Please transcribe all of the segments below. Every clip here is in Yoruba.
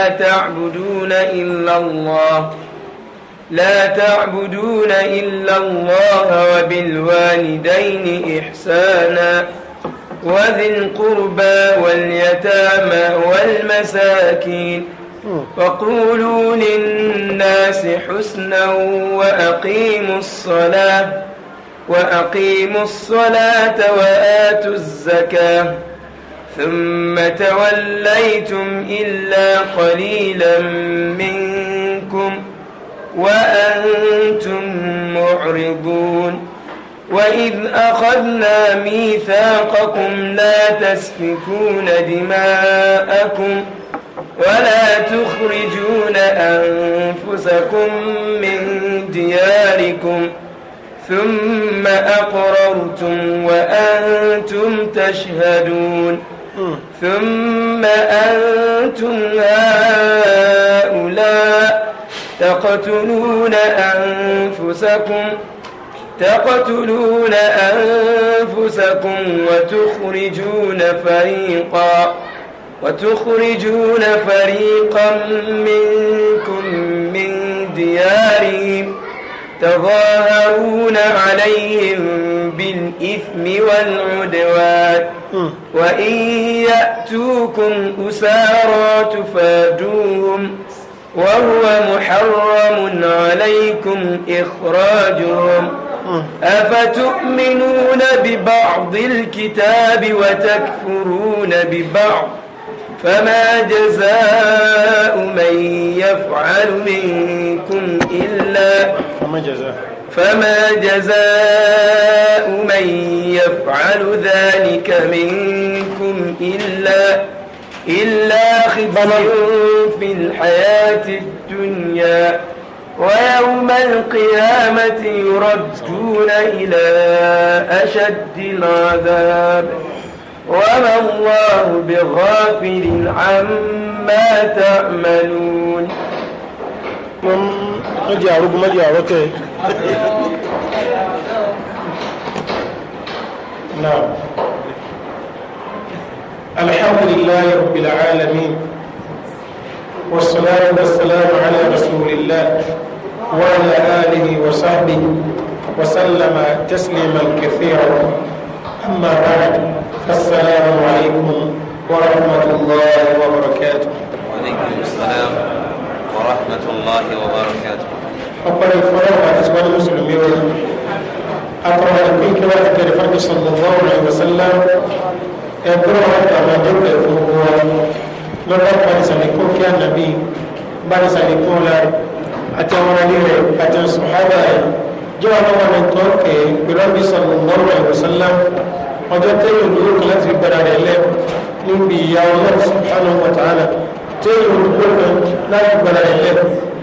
لا تعبدون إلا الله لا تعبدون إلا الله وبالوالدين إحسانا وذي القربى واليتامى والمساكين وقولوا للناس حسنا وأقيموا الصلاة وأقيموا الصلاة وآتوا الزكاة ثم توليتم إلا قليلا منكم وأنتم معرضون وإذ أخذنا ميثاقكم لا تسفكون دماءكم ولا تخرجون أنفسكم من دياركم ثم أقررتم وأنتم تشهدون ثم أنتم هؤلاء تقتلون أنفسكم تقتلون أنفسكم وتخرجون فريقا وتخرجون فريقا منكم من ديارهم تظاهرون عليهم بالإثم والعدوان وإن يأتوكم أسارا تفادوهم وهو محرم عليكم إخراجهم أفتؤمنون ببعض الكتاب وتكفرون ببعض فما جزاء من يفعل منكم إلا فما جزاء فما جزاء من يفعل ذلك منكم إلا إلا خزي في الحياة الدنيا ويوم القيامة يردون إلى أشد العذاب وما الله بغافل عما تعملون wọ́n jẹ́ àrógún mọ́jẹ́ àrókẹ́ náà alhamdulillah rabbil alamin والصلاة والسلام على رسول الله وعلى آله وصحبه وسلم تسليما كثيرا أما بعد فالسلام عليكم ورحمة الله وبركاته وعليكم السلام wa rahmatullahi wa barakatuh. ọ̀pọ̀lọpọ̀ ìfọwọ́wọ́ àti sọ́wọ́n mùsùlùmí o akọrọ ẹ̀kọ́ ìkẹwà ti kẹrì fún sallallahu alaihi wasallam ẹ̀kọ́rọ̀ àwọn ẹ̀dẹ́gbẹ̀ fún wọn lọ́dọ̀ pàdésàlẹ̀kọ́ kí á nàbí pàdésàlẹ̀kọ́ láì àti àwọn ẹlẹ́rẹ̀ àti sọ̀hábà ẹ̀ jẹ́ wọn náà wọn tó kẹ́ pẹ̀lú àbí sallallahu alaihi wasallam ọjọ́ tẹ́lẹ̀ olórúkọ láti gbára rẹ̀ lẹ́ níbi ìyá ọlọ́run subhanahu wa ta'ala tí yóò gbogbo kan láti gbara ilẹ̀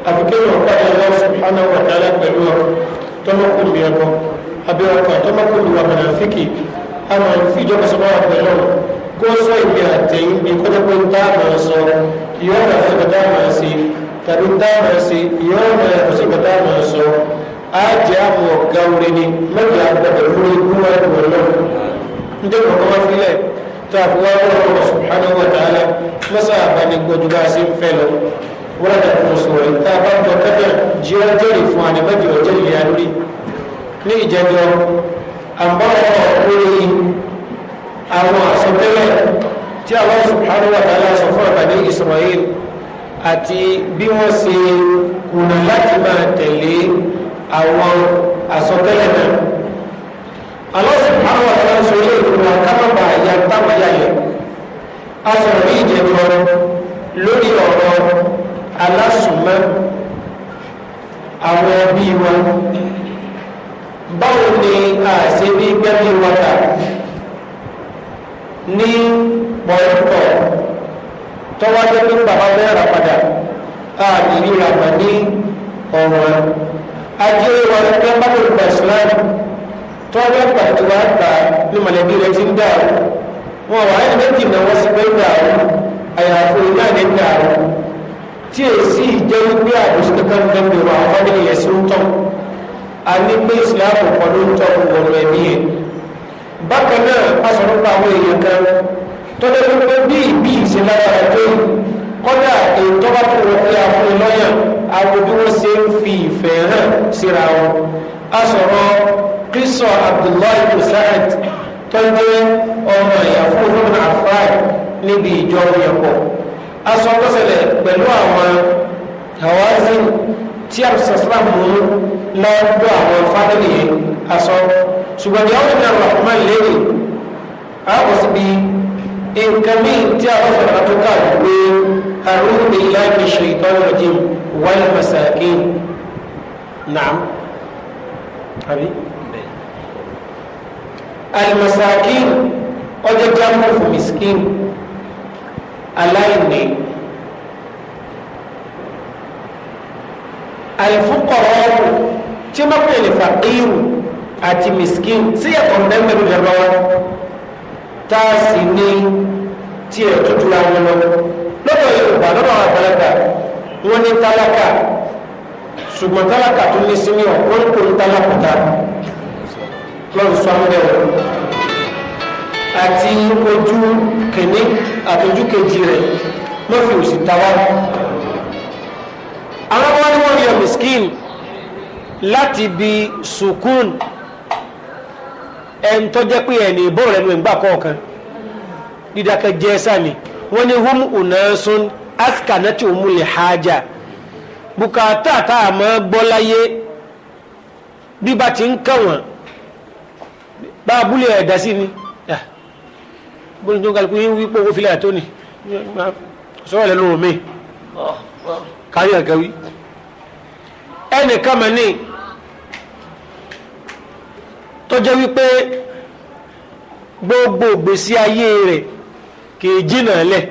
àfi kéwọn pàdé Allah subhanahu wa ta'ala pẹ̀lú ọ̀rọ̀ tọmọkùnrin ẹbọ abẹ́wọ̀kọ̀ tọmọkùnrin wà mọ̀nàfíkì àmọ̀ ìfìjọba sọ́wọ́ àpẹẹrẹ kó sọ ìgbé àtẹ̀yìn bí kọjá pé táàmù sọ yóò rà sí bàtà máa ṣe tàbí táàmù ṣe yóò rà yàtọ̀ bàtà máa sọ á jẹ́ àmọ̀ ni mẹ́jọ àgbàdo lórí kúrò ẹ̀kọ́ lọ́wọ́ nítorí kọ́kọ́ wá tààkùwá ọlọ́run subhanahu wa ta'ala mọ́sá àbáni gbọ́jú bá sí ń fẹ́ lọ wọ́n rẹ̀ kò sọ̀rọ̀ tá a bá ń dọ̀kẹ́ bẹ̀ jí ọ jẹ́rìí fún àní mẹ́jọ ọjọ́ ìlera lórí ní ìjẹjọ àbọ̀rọ̀ lórí àwọn àsọtẹ́lẹ̀ subhanahu wa ta'ala sọ fún àbáni Israel àti bí wọ́n ṣe kùnà láti máa tẹ̀lé àwọn àsọtẹ́lẹ̀ náà alọ́sùn àwọn ọ̀tá ń sọ ilé ìfúnra kámọ́bà àyà táwáyà yẹn a sọ̀rọ̀ ní ìjẹ̀jọ́ lórí ọ̀rọ̀ alásùnmọ́ àwọn ẹbí wa báwo ni àṣẹ bí gbẹ́bí wa dà ní pọ̀lọ́pọ̀ àdìrí ràpà ọ̀rọ̀ ajé wa ẹgbẹ́ bá lè tó ọjọ́ ìgbà tí wàá gbà ní mọ̀lẹ́bí rẹ ti ń dàrú wọn wà ní méjì náwó sí pé dàrú àyàfo iná ní dàrú tí èsì ìjẹ́ wípé àdúsí kankan ń dẹ́gbẹ̀ wà wọ́n ní ìyẹn sí ń tọ́ a ní pé ìsìláàmù kan ló ń tọ́ ọ̀rọ̀ ẹ̀mí yẹn bákan náà a sọ nípa àwọn èèyàn kan tó dé bí ìbí ìsìláàmù tó kọ́dà ètò bá tó wọ́n àfún lọ́yàn àwọn bí wọ́n ṣe ń fi ìfẹ́ hàn síra wọn a sọ̀rọ̀ kíso abdullahi musaad tó jẹ́ ọmọ ìyàfó olóògùn àfáì níbi ìjọ ìyàpọ̀ aṣọ tọ́sẹ̀lẹ̀ pẹ̀lú àwọn hawazin tí abdulsalam mú lọ́dọ̀ àwọn fámìlì yẹn aṣọ ṣùgbọ́n ni àwọn ìlànà ọ̀pọ̀mọ́ ìlérí àwọn sì bí nǹkan míì tí àwọn sọ̀rọ̀ tó kà wípé أعوذ بالله من الشيطان الرجيم والمساكين نعم حبيب alimasakin ọjọ́ jamu fún miskin aláìní alifukọrọọrù tí wọ́n pè ní fakiru àti miskin sí ẹ̀kọ́ ndẹ́gbẹ̀rún lẹ́rọ́ tá a sì ní tí ẹ̀ tó dúra wọn lọ lọ́dọ̀ yorùbá lọ́dọ̀ àwọn àgbàlagbà wọ́n ní tálákà ṣùgbọ́n tálákà tó ní sínú ọ̀ wọ́n kò ní tálákùtà lọ́n sọ́mbẹ̀ o àti ojú kìíní àtọ́jú kejì rẹ̀ ló fi òsì tawá àwọn ọmọ ni wọ́n yọ miskin láti bi sukun ẹn tó jẹ́ pé ẹni ìbò rẹ̀ ló ń gbà kọ̀ọ̀kan dídákẹ́ jẹ́ sani wọ́n ní hum unasun askanati umuli haja bùkátà tá a máa gbọ́ láyé bí ba ti ń kàn bá abúlé ẹ̀dá sí ni bóni tó ń kálukú yín wípé owó filẹ̀ àtọ́ni sọ́wọ́ lẹ́nu omi káyọ̀ kẹwì ẹnìkan mọ̀ ní tó jẹ́ wípé gbogbo gbèsè ayé rẹ̀ kìí jìnà lẹ̀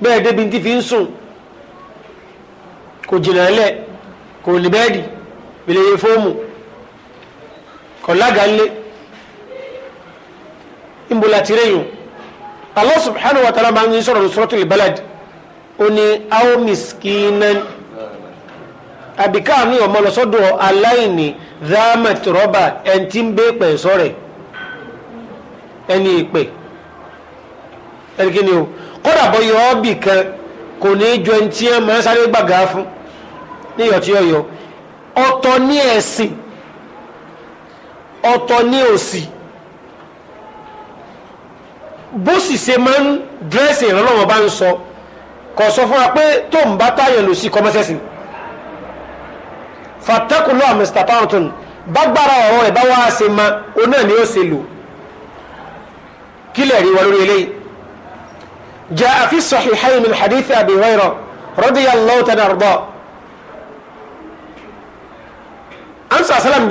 bẹ́ẹ̀ débi tí fi ń sùn kò jìnà lẹ̀ kò ní bẹ́ẹ̀dì bìlẹ̀ yẹ fóòmù kọ̀lága ńlẹ̀ ìmúlá tirẹ̀ yìí Allah subhanahu wa ta'ala máa ń sọ̀rọ̀ Suratul Balad ó ní aw miskinan àbíká àmì ọmọ lọ́sọ́dọ̀ aláìní dáàmẹ̀tìrọ́bà ẹni tí ń bẹ́ pẹ̀ sọ́rẹ̀ ẹni ìpè ẹni kí ni o kódà bọ́ yọ ọ́ bì kan kò ní ju ẹni tí ẹ máa ń sáré gbàgà fún ní ìyọ̀tí ọ̀yọ́ ọ̀tọ̀ ní ẹ̀sìn ọ̀tọ̀ ní òsì bó sì ṣe máa ń dírẹ́sì ìrànlọ́wọ́ bá ń sọ kò sọ fún wa pé tó ń bá táyọ̀ lòsì kọ́mọ́sẹ́sì fàtẹ́kùnlọ́ mr tarleton bágbára ọ̀rọ̀ ẹ̀ bá wá ṣe ma o náà ni ó ṣe lò kílẹ̀ rí wa lórí eléyìí jaa fi sahihayn min hadith abi hurayra radiyallahu ta'ala anhu an sàlám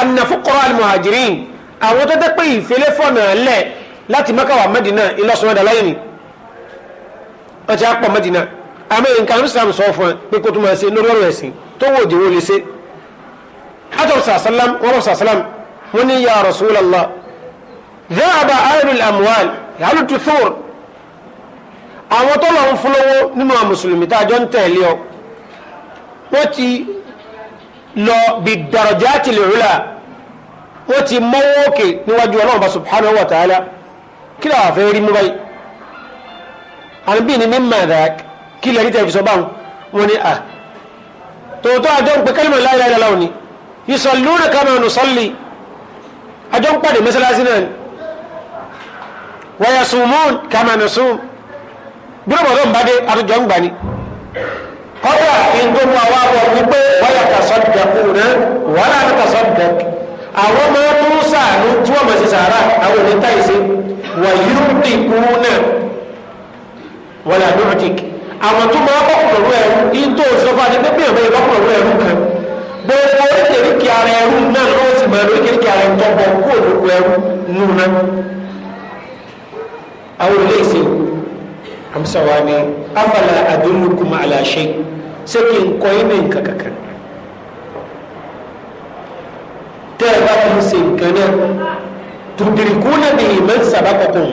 anafukọrọ alimuhajirin àwọn tó dẹ́pẹ́ ìfẹ́lẹ́ fọ̀nà lẹ̀ láti makawa Madina ìlọsọmọdà láyé ni wọ́n ti apọ̀ Madina àmì nǹkan islam sọ fún ẹ pé kó tó máa ṣe lórí ọ̀rọ̀ ẹ̀sìn tó wò òdìwó lè ṣe àtọ̀sàsálàm الأموال أهل التثور àwọn tó lọ ń fún lọ́wọ́ nínú àwọn tá a jọ ń tẹ̀lé ọ wọ́n ti lọ bí darajati l'ula ó ti mọ́wọ́ òkè níwájú ọlọ́run bá subhanahu wa ta'ala kí làwọn afẹ́ rí mú báyìí àbí ni mímọ̀ ẹ̀dá kí lè rí tẹ̀ fi sọ báwọn wọn ni à ah. tòótọ́ àjọ ń pe kálímọ̀ la ilaha illallah ni yusalluna kama nusalli àjọ ń pàdé mẹ́sálásí náà ni wa yasumun kama nasum bí kọ́dà ìgbóhùn àwọn àbọ̀ wípé wáyà tàṣọ́dẹ̀kù náà wọ́n láti tàṣọ́dẹ̀kù àwọn ọmọ tó ń sàánú tí wọ́n mọ̀ sí sàárà àwọn òní táìsí wàyúùtì kú náà wọ́n là nùtìk àwọn tó máa bọ́kùnrin ẹ̀rú yìí tó ń sọ́fà ní pépé ìwé bọ́kùnrin ẹ̀rú kan gbogbo oríkèéríkèé ara ẹ̀rú náà lọ́wọ́ sì máa lóríkèéríkèé ara ẹ̀tọ́ bọ̀ kó olùkú ẹ̀rú nù náà àwọn òní amsa wa ni afala adullukum ala shay sai kin koyi min kakakan tẹ́ ẹ bá fi ṣe nǹkan náà tùdìrìkúnà ní ìmọ̀ sàbákọ̀kùn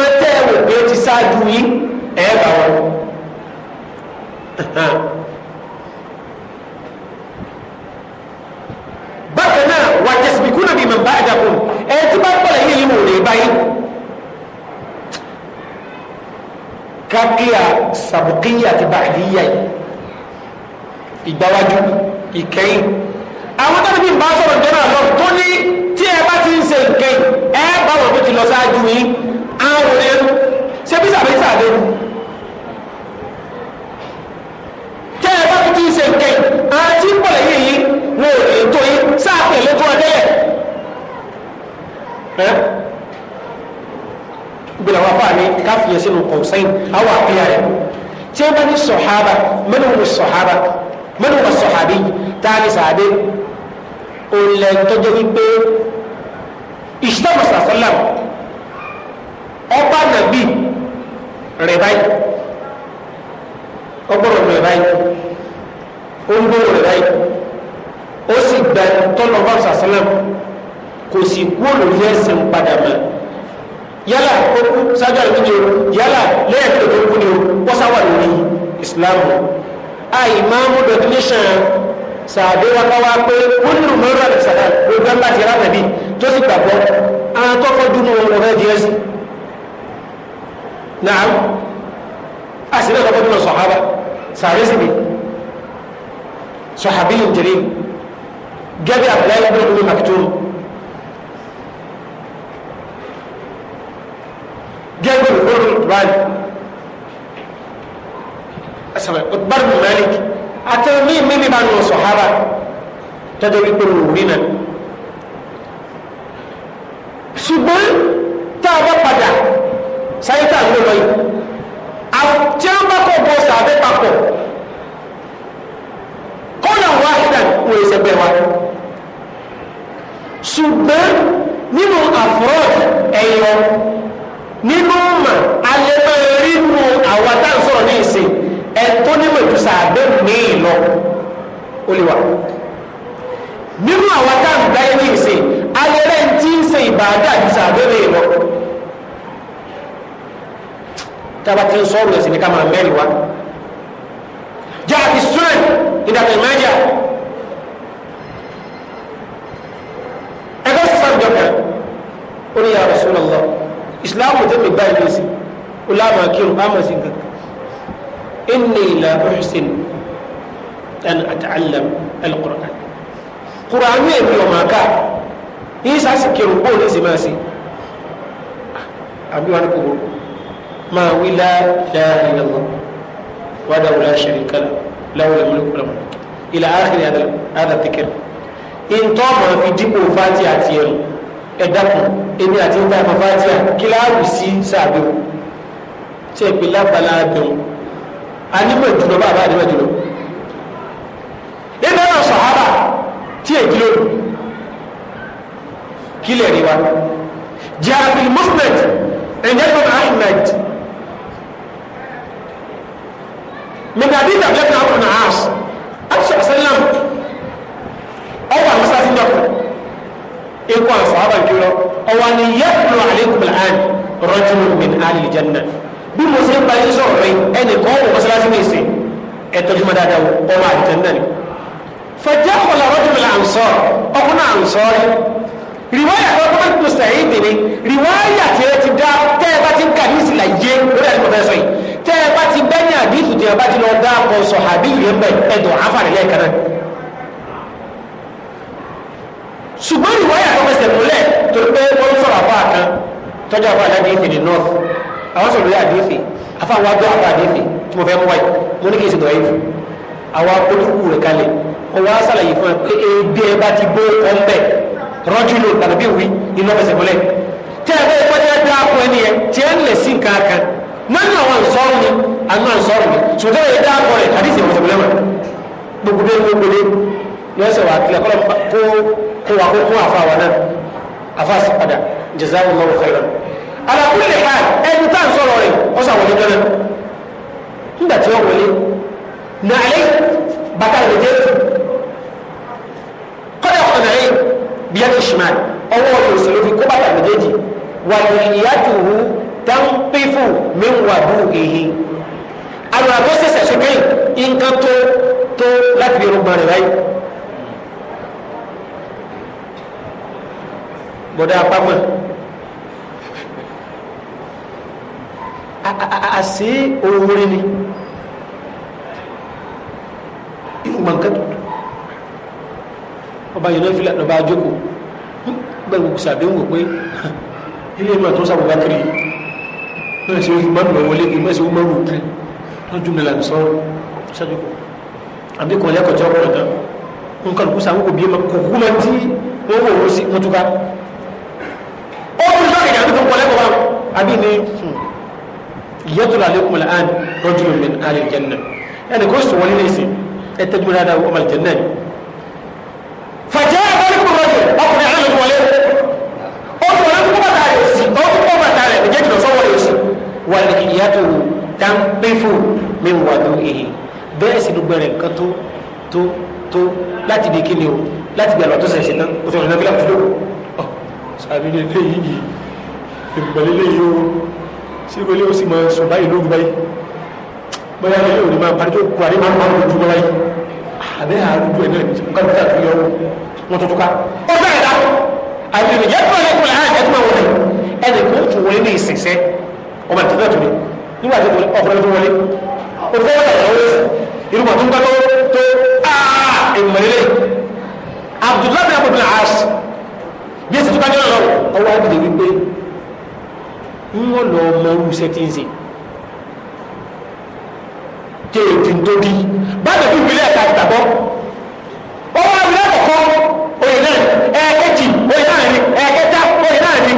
àtẹ́ ẹ̀wò pé ó ti ṣáájú yìí ẹ̀ bá wọn. bákan náà wà jẹ̀sìbìkúnà ní ìmọ̀ bá àdàkùn ẹ̀ tí bá ń pọ̀ lẹ́yìn kákíyà sàbùkíyà àti bàdíyà ìgbáwájú ìkẹyìn àwọn tó níbi ìbá sọ̀rọ̀ ìjọba àlọ́ tó ní tí ẹ bá ti ń ṣe ìkẹyìn ẹ bá wọn tó ti lọ sáájú yìí àwọn òní ẹnu ṣé bí sàbẹ̀ sàbẹ̀ nu tẹ́ ẹ bá ti ń ṣe ìkẹyìn àti ń bọ̀ yìí wọn ò ní tó yín sáà pẹ̀lú tó ọdẹ́lẹ̀ gbogbo àwọn afáàní káfíyè sínú kọ̀ọ̀sẹ́yìn àwọn àpẹyà rẹ̀ tí wọ́n bá ní sọ̀hábà mẹ́nu wọ sọ̀hábà mẹ́nu wọ sọ̀hábì táàní sàádé òǹlẹ̀ tọ́jú wípé ìṣítàmọ̀ sàṣọ́là ọba nàbí rẹ̀ báyìí ọgbọ́dọ̀ rẹ̀ báyìí ó rẹ̀ báyìí ó sì gbẹ tọ́lọ́ bá kò sì kú òlòlù ẹ̀sìn padà mọ́ yálà okú sáájú àlùkù ni o yálà lẹ́yìn tó kú ni o wọ́sáwà lórí islam àì máa mú definition sàdé wákàwá pé kúndùn mọ́rọ́ àti sàdá gbogbo ńlá ti rábẹ̀ bí tó sì gbàgbọ́ àwọn tó fọ́jú nù wọn ọ̀rẹ́ díẹ̀ sí náà gẹ́gbẹ́ olùgbòrò ìdúráyì ẹsẹ̀rẹ̀ ọgbàrù malik àtẹ̀wé mí mímí bá nù sọ̀hábà tọ́jọ́ wípé mo rí náà ṣùgbọ́n tá a bá padà sáyẹ́tà ń lọ yìí àti àwọn bá kọ̀ bọ́ sàbẹ́ papọ̀ kọ́nà wáhídà wọ́n ẹsẹ̀ bẹ́ẹ̀ wá ṣùgbọ́n nínú àfúrọ́ọ̀dì ẹ̀yọ nínú mà alẹ́ máa rí nu àwọn táwọn sọ̀rọ̀ ní ìsìn ẹ̀tọ́ nímọ̀ ìtúsà àbẹ́rù ní ìlọ ó lè wà nínú àwọn táwọn gbáyé ní ìsìn alẹ́ rẹ̀ ń tí ń ṣe ìbàdà ìtúsà àbẹ́rù ìlọ tába ti ń sọ̀rọ̀ ẹ̀sìn ní ká máa mẹ́rin wa jẹ́ àti sunan ìdàgbà ìmájà ẹgbẹ́ sísan jọkàn ó ní ya Rasulullah ìsìláàmù tẹ́mi gbá ìlú sí ó láàmà kírun ámà sí nǹkan inni la uhsin an ata'allam al-Qur'an Qur'anu èmi ọmọ aká yìí sásì kírun bóòlù sí máa sí àbí wà ní kòkòrò máa wí la ilaha illallah wahdahu la sharika lahu lahul mulku wa lahul hamd ila akhiri hadha adh-dhikr fi dípò fáti àti ẹ̀rù ẹ̀dàkùn èmi àti ìta àmàfáàtíà kíláàrù sí sàbẹ̀ tí ẹ pè lábala bẹ̀rù a nímọ̀ ìjùlọ bá àbá àdìmọ̀ ìjùlọ nínú ọ̀rọ̀ sọ̀hábà tí è kí lóru kí lè rí wa jàpil musnad ẹ̀yẹ́dùn ahmed mẹ́gàdí alìlì jẹ́nà bí mo ṣe ń bá yín sọ̀rọ̀ rẹ ẹnì kan wò mọ́sálásí ní ìsìn ẹ̀tọ́jú mọ́ dáadáa ọmọ àlìjẹ́nà ni. fẹjẹ́ ọ̀la rọ́jùmọ̀lá ànsọ́ ọkùnrin ànsọ́ rí rìwáyà kan kọ́mọ́ tó sẹ̀yìn ìdìní rìwáyà tí ẹ ti dá tẹ́ ẹ bá ti ń kà ní ìsìlá yé lórí àdìpọ̀ fẹ́ sọ yìí tẹ́ ti bẹ́ ní àdìsù tí ẹ bá ti lọ dá akọ sọ̀hábí yìí bẹ̀ ẹ̀dùn afánilẹ̀ kan ṣùgbọ́n rìwáyà kan fẹsẹ̀ múlẹ̀ torí pé wọ́n sọ̀rọ̀ àbá kan tọ́jú àbá aládé ìdìní north àwọn sọ̀rọ̀ yà àdéfè afáwọn adó àfa àdéfè tí mo fẹ́ mú wáyé mo ní kí n ṣe dọ̀yìn fún àwọn akótókù rẹ̀ kalẹ̀ wọ́n wá sàlàyé fún ẹ pé ebi ẹ bá ti gbó ọ̀nbẹ rọ́jú lò tàbí bí wí iná fẹsẹ̀ múlẹ̀ tẹ́ ẹ bẹ́ẹ̀ pẹ́ tẹ́ dáa fún ẹni yẹn tí ẹ ń lẹ̀ sí nǹkan kan nínú àwọn ìsọ̀rọ̀ ni àwọn ìsọ̀rọ̀ ni ṣùgbọ́n ẹ dáa fún ẹ àdìsí ìfẹsẹ̀ múlẹ̀ wọn gbogbo bẹ́ẹ̀ gbogbo lé lọ́sẹ̀ wà kílẹ̀ kọ́ kó wà kó kún àfa wa náà àfa sì padà jazaakallahu khairan alákùnrin ká ẹni tá à ń sọ̀rọ̀ rẹ̀ ó sàwọlé jọ́nà nígbà tí ó wọlé nàálẹ́ bàtà ìdíje kọ́dà ọ̀nà nàálẹ́ bíyà ti ṣìmá ọwọ́ ọ̀yọ̀ òsèlú fi kó bàtà méjèèjì wà lùyàtùhù tánpífù mẹ́wàdù èyí àwọn àgbẹ̀sẹ̀sẹ̀ sókè nǹkan tó tó láti bí irúgbọ́n rẹ̀ báyìí. bọ̀dá apámọ́ àṣé oore ni irú mọ̀nkẹ́ tó ọba yìí náà fi lọ́ba àjókòó gbẹ̀rù sàdéhùn pé ilé ìmọ̀ tó sábà bá kiri náà ṣe ojú gbọ́dọ̀ wọlé kí mẹ́sì ó mọ́rù kiri lójú mi làbí sọ́rọ̀ sàdéhùn àbí kan lẹ́kọ̀ọ́ tí ọkọ̀ ọ̀dọ́ nǹkan kú sàwọn òbí ẹmọ kò kú mọ tí wọ́n wò ó sí wọ́n túká ó tún sọ́kẹ̀dẹ̀ àbí tó ń pọ̀ lẹ́kọ̀ọ́ àbí ni yẹtù lálẹ́ kùmọ̀ lẹ́ àn rọ́jò mi àlè jẹ́nà ẹnì kó sọ wọlé lẹ́sẹ̀ ẹ tẹ́jú náà dáwọ́ ọmọ jẹ́nà ni. fàjẹ́ àbálẹ̀ kùmọ̀ rọ́jò ọkùnrin àlọ́ mi wọlé ọkùnrin kó bàtà rẹ̀ sí ọkùnrin kó bàtà rẹ̀ ẹ̀jẹ̀ jùlọ sọ́wọ́ rẹ̀ sí. wà ní ìyàtọ̀ tàǹpẹ́fù mi wà ló èyí bẹ́ẹ̀ sì dùgbẹ́ rẹ̀ kan tó tó tó láti di kíni o láti gbàgbọ́ tó sẹ̀sẹ̀ náà o tó rìn náà bí láti dó. sàbí lè léyìí ìgbàlélẹ́yìí o sí ìrọ̀lẹ́ ó sì mọ sùn báyìí lóru báyìí bóyá ilé òní máa parí tó kú àrí máa ń parí ojú báyìí àbẹ́ àrùjọ ẹ̀ náà ní sọ́kà tó tàbí yọ wọn tuntun ká ó bẹ̀rẹ̀ dá àbí ẹ̀mí yẹ́n tó lẹ́kùn láàrín ẹ̀ tó máa wọlé ẹnì kó tó wọlé ní ìsìnsẹ́ ọmọ ìtàn náà tó ní nígbà tó wọlé ọkùnrin tó wọlé ó fẹ́ wọlé àwọn ọlọ́sẹ̀ irúgbà tó ń bá tó tó ìmọ̀lélẹ̀ Abdullahi abdulhas bí ẹsẹ̀ tó bá ní ọ̀rọ̀ ọwọ́ ń wọ́n lọ mọ̀rú sẹ́tíǹsì téèdì tó di báyọ̀ bí ìbílẹ̀ ẹ̀ka ìtàbọ̀ ó wá ìbílẹ̀ àkọ́kọ́ oyè náà ẹ̀ẹ́kẹ́jì oyè náà ni ẹ̀ẹ́kẹ́ta oyè náà ni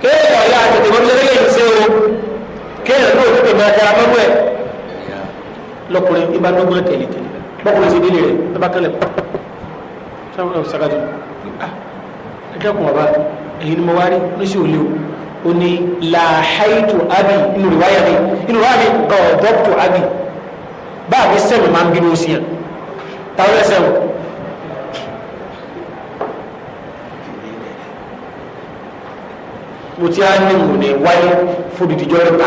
kéèyàn ọ̀yà àtẹ̀tẹ̀ mọ́tò lẹ́lẹ́ yìí ṣe o kéèyàn ló tètè máa tẹ amọ́nú ẹ̀ lọkùnrin ibà dọ́gbọ́n tẹ̀lé tẹ̀lé bọ́kùnrin sì délé rẹ̀ ẹ bá kálẹ̀ sáwọn ọ̀sàkàtì ẹ̀kẹ́kùn ọ̀bá èyí ni mo wá rí lóṣù òlé o ó ní làhàìtù abi inú ìwáyà mi inú ìwáyà mi gọ̀ọ̀dọ́pù abi bá mi sẹ́mi máa ń bínú sí yàn táwọn ẹsẹ̀ wò. mo ti á ní ìwò ní wáyé fún ìdíjọ́ rẹ̀ ta.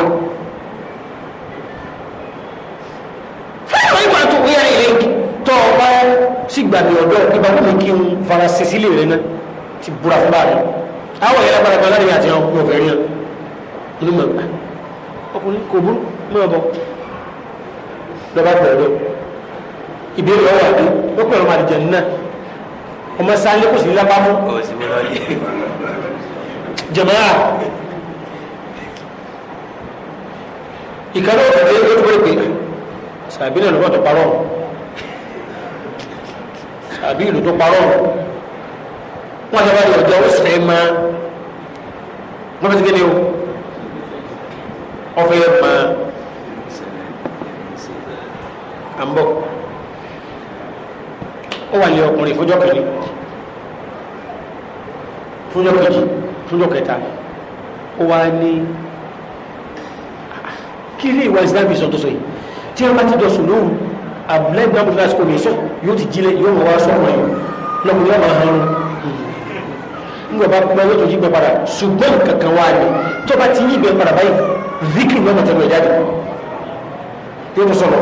fẹ́ẹ̀rẹ̀ ìgbà tó wíyá ilé tó o bá sì gbàgbé ọ̀dọ́ ìgbà tó mi kí n fara ṣe sílé rẹ̀ náà ti búra fún báyìí àwọn ìyá lágbára kan láàrin àti ọkùnrin ọ̀fẹ́ rí hàn inú mọ̀ gbà ọkùnrin kò burú mọ̀ bọ̀ lọ́ba pẹ̀lú ìbéèrè ọwọ́ àdé ó pẹ̀lú ọmọ àdìjẹ náà ọmọ sáálé kò sí ní lápá mú jẹ̀mọ́ra ìkàlọ́ òkèdè ó dúró pé sàbí náà tó parọ́ sàbí ìlú tó parọ́ wọn sábà yọ ọjọ́ oṣù fẹ́ máa wọn fẹ́ sikẹ́ ni o ọfẹ́ máa à ń bọ̀ ó wà ní ọkùnrin fúnjọ́ kìíní fúnjọ́ kejì fúnjọ́ kẹta ó wà ní kí ilé ìwà ìsìlámù ìsọ̀tọ̀sọ̀ yìí tí wọ́n bá ti dọ̀sùn lóhùn abúlé ìgbàmùsùn lásìkò mi sọ yóò ti jílẹ̀ yóò mọ̀ wá sọ̀rọ̀ yìí lọ́kùnrin ọmọ ọ̀hún ngbọ̀bá pẹ́ yóò tó yí gbẹ padà ṣùgbọ́n kankan wá ní tó bá ti yí gbẹ padà báyìí zikiri yóò mọ̀ tẹ́lẹ̀ jáde yóò tó sọ̀rọ̀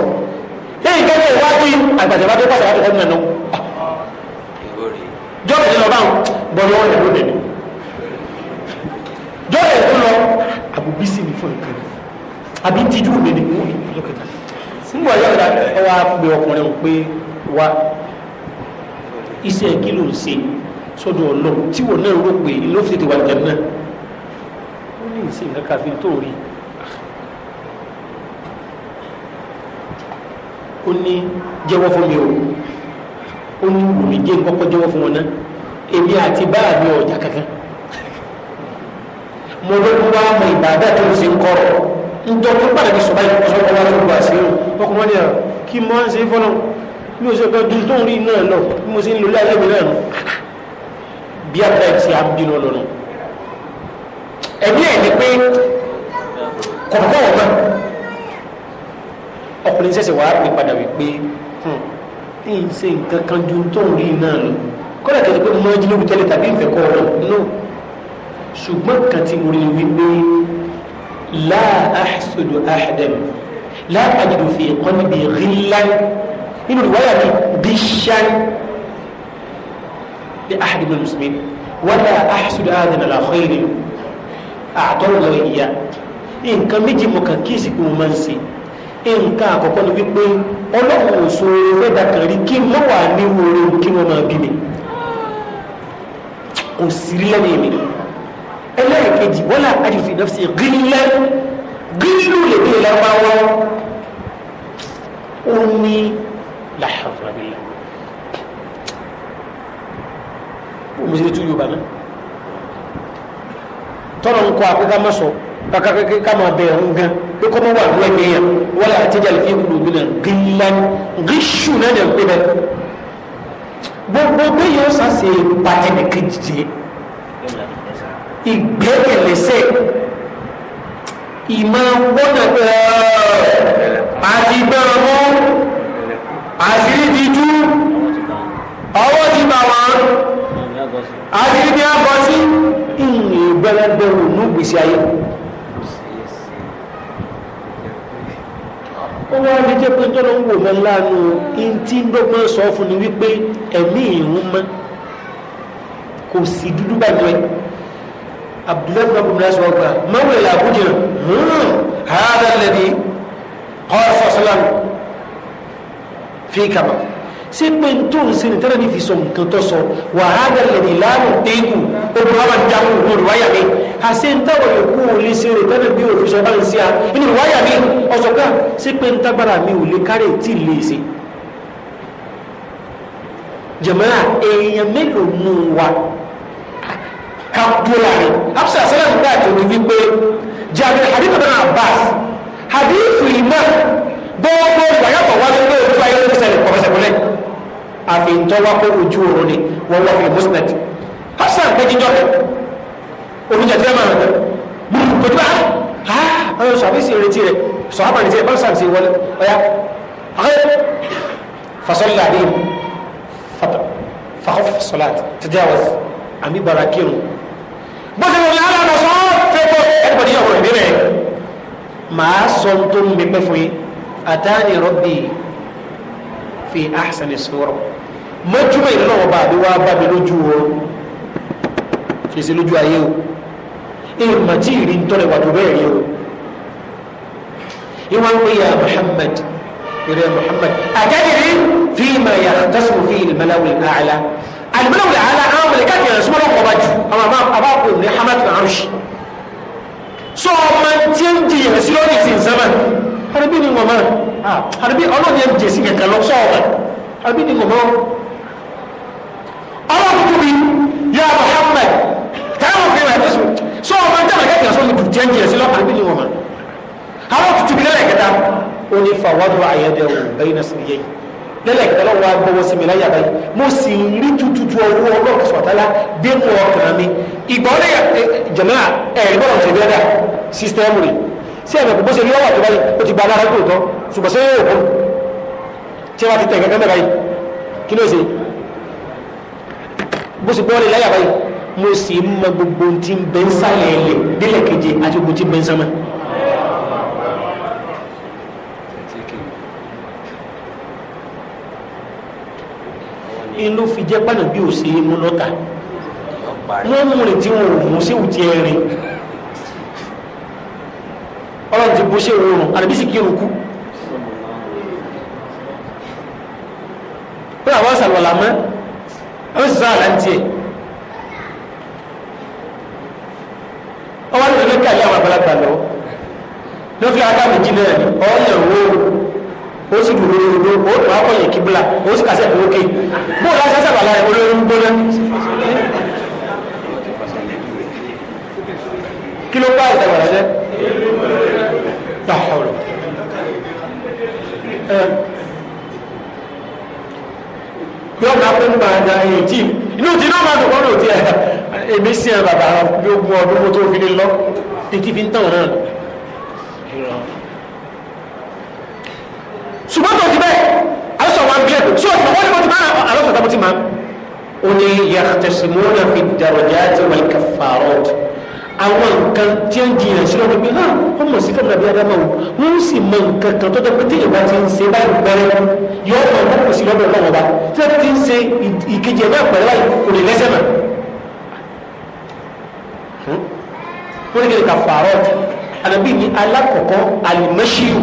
lẹ́yìn kẹ́kẹ́ ìwádìí àgbàjọba tó pàṣẹ láti ẹ̀dùn ni jọ́ọ̀kì lọ báwọn bọ̀lọ́ wọn lẹ́nu nìyẹn jọ́ọ̀kì tó lọ àbùbísì ní fún ìkànnì àbí tíjú mi ní fún ìkànnì nígbà yọ̀ọ̀dà ọkùnrin sọ́dọ̀ ọlọ́run tí wọ́n náà rò pé ló fi tètè wà jẹun náà ó ní ìsìn nǹkan kan fi tó rí ó ní jẹ́wọ́ fún mi o ó ní wùmí jẹ́ kọ́kọ́ jẹ́wọ́ fún wọn náà èmi àti báà mi kankan mo ló ń wá ọmọ ìbàdà tó ń ṣe ń ń jọ tó padà ní sọ̀bá yìí ọ̀sán ọ̀la ló sí o ọkùnrin ni kí mo ń ṣe fọ́nà mi ò ṣe kọ́ ju tóun rí náà lọ bí mo ṣe ń lo ilé ayé mi náà lọ bí abdulayi ti à ń bínú lónìí ẹbí ẹ ní pé kọ̀ọ̀kọ̀ ọ̀gbọ́n ọkùnrin sẹ̀sẹ̀ wàá pè padà wípé ẹ hmm, ń ṣe nǹkan kan ju tó ń rí náà lọ kọ́lá kẹ́lẹ́ pé mo jìnnà tẹ́lẹ̀ tàbí ìfẹ́ kọ́ ọ̀rọ̀ náà ṣùgbọ́n kan ti rí wípé la ahsudu ahadan la ajidu fi qalbi ghillan nínú ìwáyà mi bí ṣáà لأحد من المسلمين ولا أحسد هذا على خير أعطوا الله إياه nǹkan méjì mo kàn kí ìsìnkú mo máa ń ṣe nǹkan àkọ́kọ́ ni wípé ọlọ́run ò so oore fẹ́dà kan rí kí mo wà ní oore kí mo máa bí mi kò sí lẹ́nu mi ẹlẹ́ẹ̀kejì wọ́n là ájú fi nafsi gírílẹ̀ gírílù lè dé ìlànà wa ó ní làhàbàbílà òmìnirí tú yorùbá náà tọ́lọ̀ ń kọ́ àkókò amásọ̀ kàkàkàkà kàmá bẹ̀rù gan pé kọ́ mọ́ wà ló ẹgbẹ́ yẹn wọ́n lè àtijọ́ àlùfíà kúrò bí náà gílan gíṣù náà dẹ̀ gbé bẹ́ẹ̀ gbogbo gbé yóò sàṣe pàtẹ́nì kejì ìgbẹ́kẹ̀lẹ́sẹ̀ ìmọ̀ gbọ́dọ̀ pẹ̀lú àti gbẹ̀rọ̀ mọ́ àṣírí ti tú ọwọ́ ti bà wọ́n àti ibi abọ́ sí ìyìn ìgbẹ́lẹ́gbẹ̀rún ní gbèsè ayé ó wá ní jẹ́ pé tọ́lọ́ ń wò mọ́ láàánú in tí ń dọ́gbọ́n sọ fún ni wípé ẹ̀mí ìrún mọ́ kò sí dúdú bàjọ́ ẹ̀ abdullahi bin abdullahi sọ gba mọ́wé làbújẹ hàn fi kàmá sí pé tó ń sin tẹ́lẹ̀ ní fi sọ nǹkan tó sọ wàhálà lẹ́ni láàrùn déégù obìnrin wa ń dáhùn ní olùwáyà mi àṣẹ ń tẹ́wọ̀ èkó lè ṣe rè tẹ́lẹ̀ bí òfin sọ báyìí sí a ní olùwáyà mi ọ̀sọ̀ pé sí pé ń tágbára mi ò lè kárẹ̀ tí lè ṣe. jẹ̀mọ́ra èèyàn mélòó mú wa ká dúró absa sẹ́lẹ̀ nígbà tó ní wípé jàbẹ̀ hadith Abbas hadith ìmọ̀ gbogbo ìgbà wá lórí òkú ayélujára kọ̀ọ̀sẹ̀ kọ̀ọ̀sẹ̀ àmì ntọ́wá kó ojú oorun ni wọ́n wọ́n fi musnad hasan kejìjọ́ rẹ̀ oníjàdíyà máa rẹ̀ mú kojú bá a ọ̀rọ̀ sọ̀bísì retí rẹ̀ sọ̀hábà retí rẹ̀ bá sàn sí wọlé ọ̀yá ọ̀rẹ́ fasọ́lá rí fàkọ́ fasọ́lá tajawaz àmì bara kírun bó ti wọlé aláàbọ̀ sọ́ fẹ́kọ̀ ẹ̀rọ̀bọ̀dì yọ̀ wọ̀nyí rẹ̀ màá sọ tó ń mi fún yín àtàní fi ahsani sura mọ́júmọ́ ìlú náà bá àdéwà bá mi lójú o fèsì lójú ayé o èèmọ̀ tí ìrì ń tọ́lẹ̀ wà tó bẹ́ẹ̀ rí o ìwọ̀n pé ya Muhammad ìrẹ́ Muhammad àjẹ́jìrì fi mà yà tásùn fi ìlmẹ́láwì àlá àlùmẹ́láwì àlá àwọn mẹ̀lẹ́kà kì í súnmọ́ lọ́wọ́ bá jù àwọn àbákò ní hamadu arúṣì sọ ọmọ tí ń di ìrẹ̀ sí lọ́rì sí ìsẹ́mà àrùbí ni wọ́n máa àrùbí ọlọ́ni ẹ̀ jẹ̀ sí kẹ̀kẹ́ lọ́sọ̀ọ̀mà àrùbí ni wọ́n máa ọlọ́run tó bí yá Muhammad táwọn fi rẹ̀ fẹ́sùn sọ ọmọ ní tàbí kẹ́kẹ́ sọ lùdù jẹ́ jẹ́ sí lọ́pàá níbi wọn àwọn tuntun bí lẹ́lẹ̀kẹta ó ní fàwọ́dọ̀ àyẹ̀dẹ̀ òun bẹ́yìn náà sì yẹ́yìn lẹ́lẹ̀kẹta lọ́wọ́ wa gbọ́wọ́ sí mi láyà báyìí mo sì ń rí tututu ọwọ́ ọlọ́run sọ̀tálá dé mú ọkàn mi ìgbà ọlẹ́ jẹ̀mọ́ ẹ̀rí bọ́ọ̀lù ṣe bẹ́ẹ̀ dà sísítẹ́ẹ̀mù rẹ̀ sí ẹ̀mẹ̀ kò bó ṣe rí ọwọ́ àti báyìí ó ti gba alára tó tọ́ ṣùgbọ́n sí yóò kún tí wọ́n ti tẹ̀ gẹ́gẹ́ báyìí kí ló ṣe bó sì bọ́ọ̀lì láyà báyìí mo sì ń mọ gbogbo tí ń bẹ ń sàlẹ̀ ilẹ̀ délẹ̀ keje àti gbogbo tí ń bẹ ń sánmà. inú fi jẹ́ pàdé bí ò ṣe é mú lọ́tà wọ́n mú rìn tí wọn ò mú sí òtí ẹ̀rìn ọlọ́run ti bó ṣe òórùn àdàbí sì kírun kú. pé àwọn sàlọ̀lá mọ́ ó sì sáà láǹtì ẹ̀ ó wá nílò lókè àlẹ́ àwọn àgbàlagbà lọ lókè àgbà méjì náà ni ọ yẹ wo ó sì dùn lórí odò ó dùn akọ̀yẹ̀ kíbla ó sì kàṣẹ́ dùn ókè bó láti sábà lára olórí ń gbóná kí ló bá ìsàgbà rẹ jẹ́ tàhọ̀rọ̀ yóò máa fún gbàǹdà èyí tí inú ti náà máa dùn kọ́nà òtí ẹ̀ èmi sí ẹ bàbá bí ogun ọdún mo tó fi lé lọ etí fi ń tàn náà ṣùgbọ́n tó ti bẹ́ẹ̀ alásọ̀ wa ń bí ẹ̀kọ́ sọ ìfọwọ́ ni mo ti máa alásọ̀ tó ti máa ó ní yàtẹ̀símọ́nà fi dàrọ̀jà ti wà kàfàrọ̀ àwọn nǹkan tí ń jiyàn sí lọ́dún pé náà ah, wọ́n mọ̀ sí kẹ́kẹ́ bí adama wọ́n sì mọ nǹkan kan tó jẹ́ pé tí ìgbà ti ń ṣe báyìí bẹ́ẹ̀ yọ ọ̀pọ̀ lọ́dọ̀ ọlọ́wọ́ bá tí wọ́n ti ń ṣe ìkejì ẹ̀mọ́ ẹ̀pẹ̀rẹ̀ wáyé kò lè lẹ́sẹ̀ mọ́ hmm? wọ́n ní kí ni ka fàárọ̀ àdàbí ní alákọ̀ọ́kọ́ alimẹ́ṣíù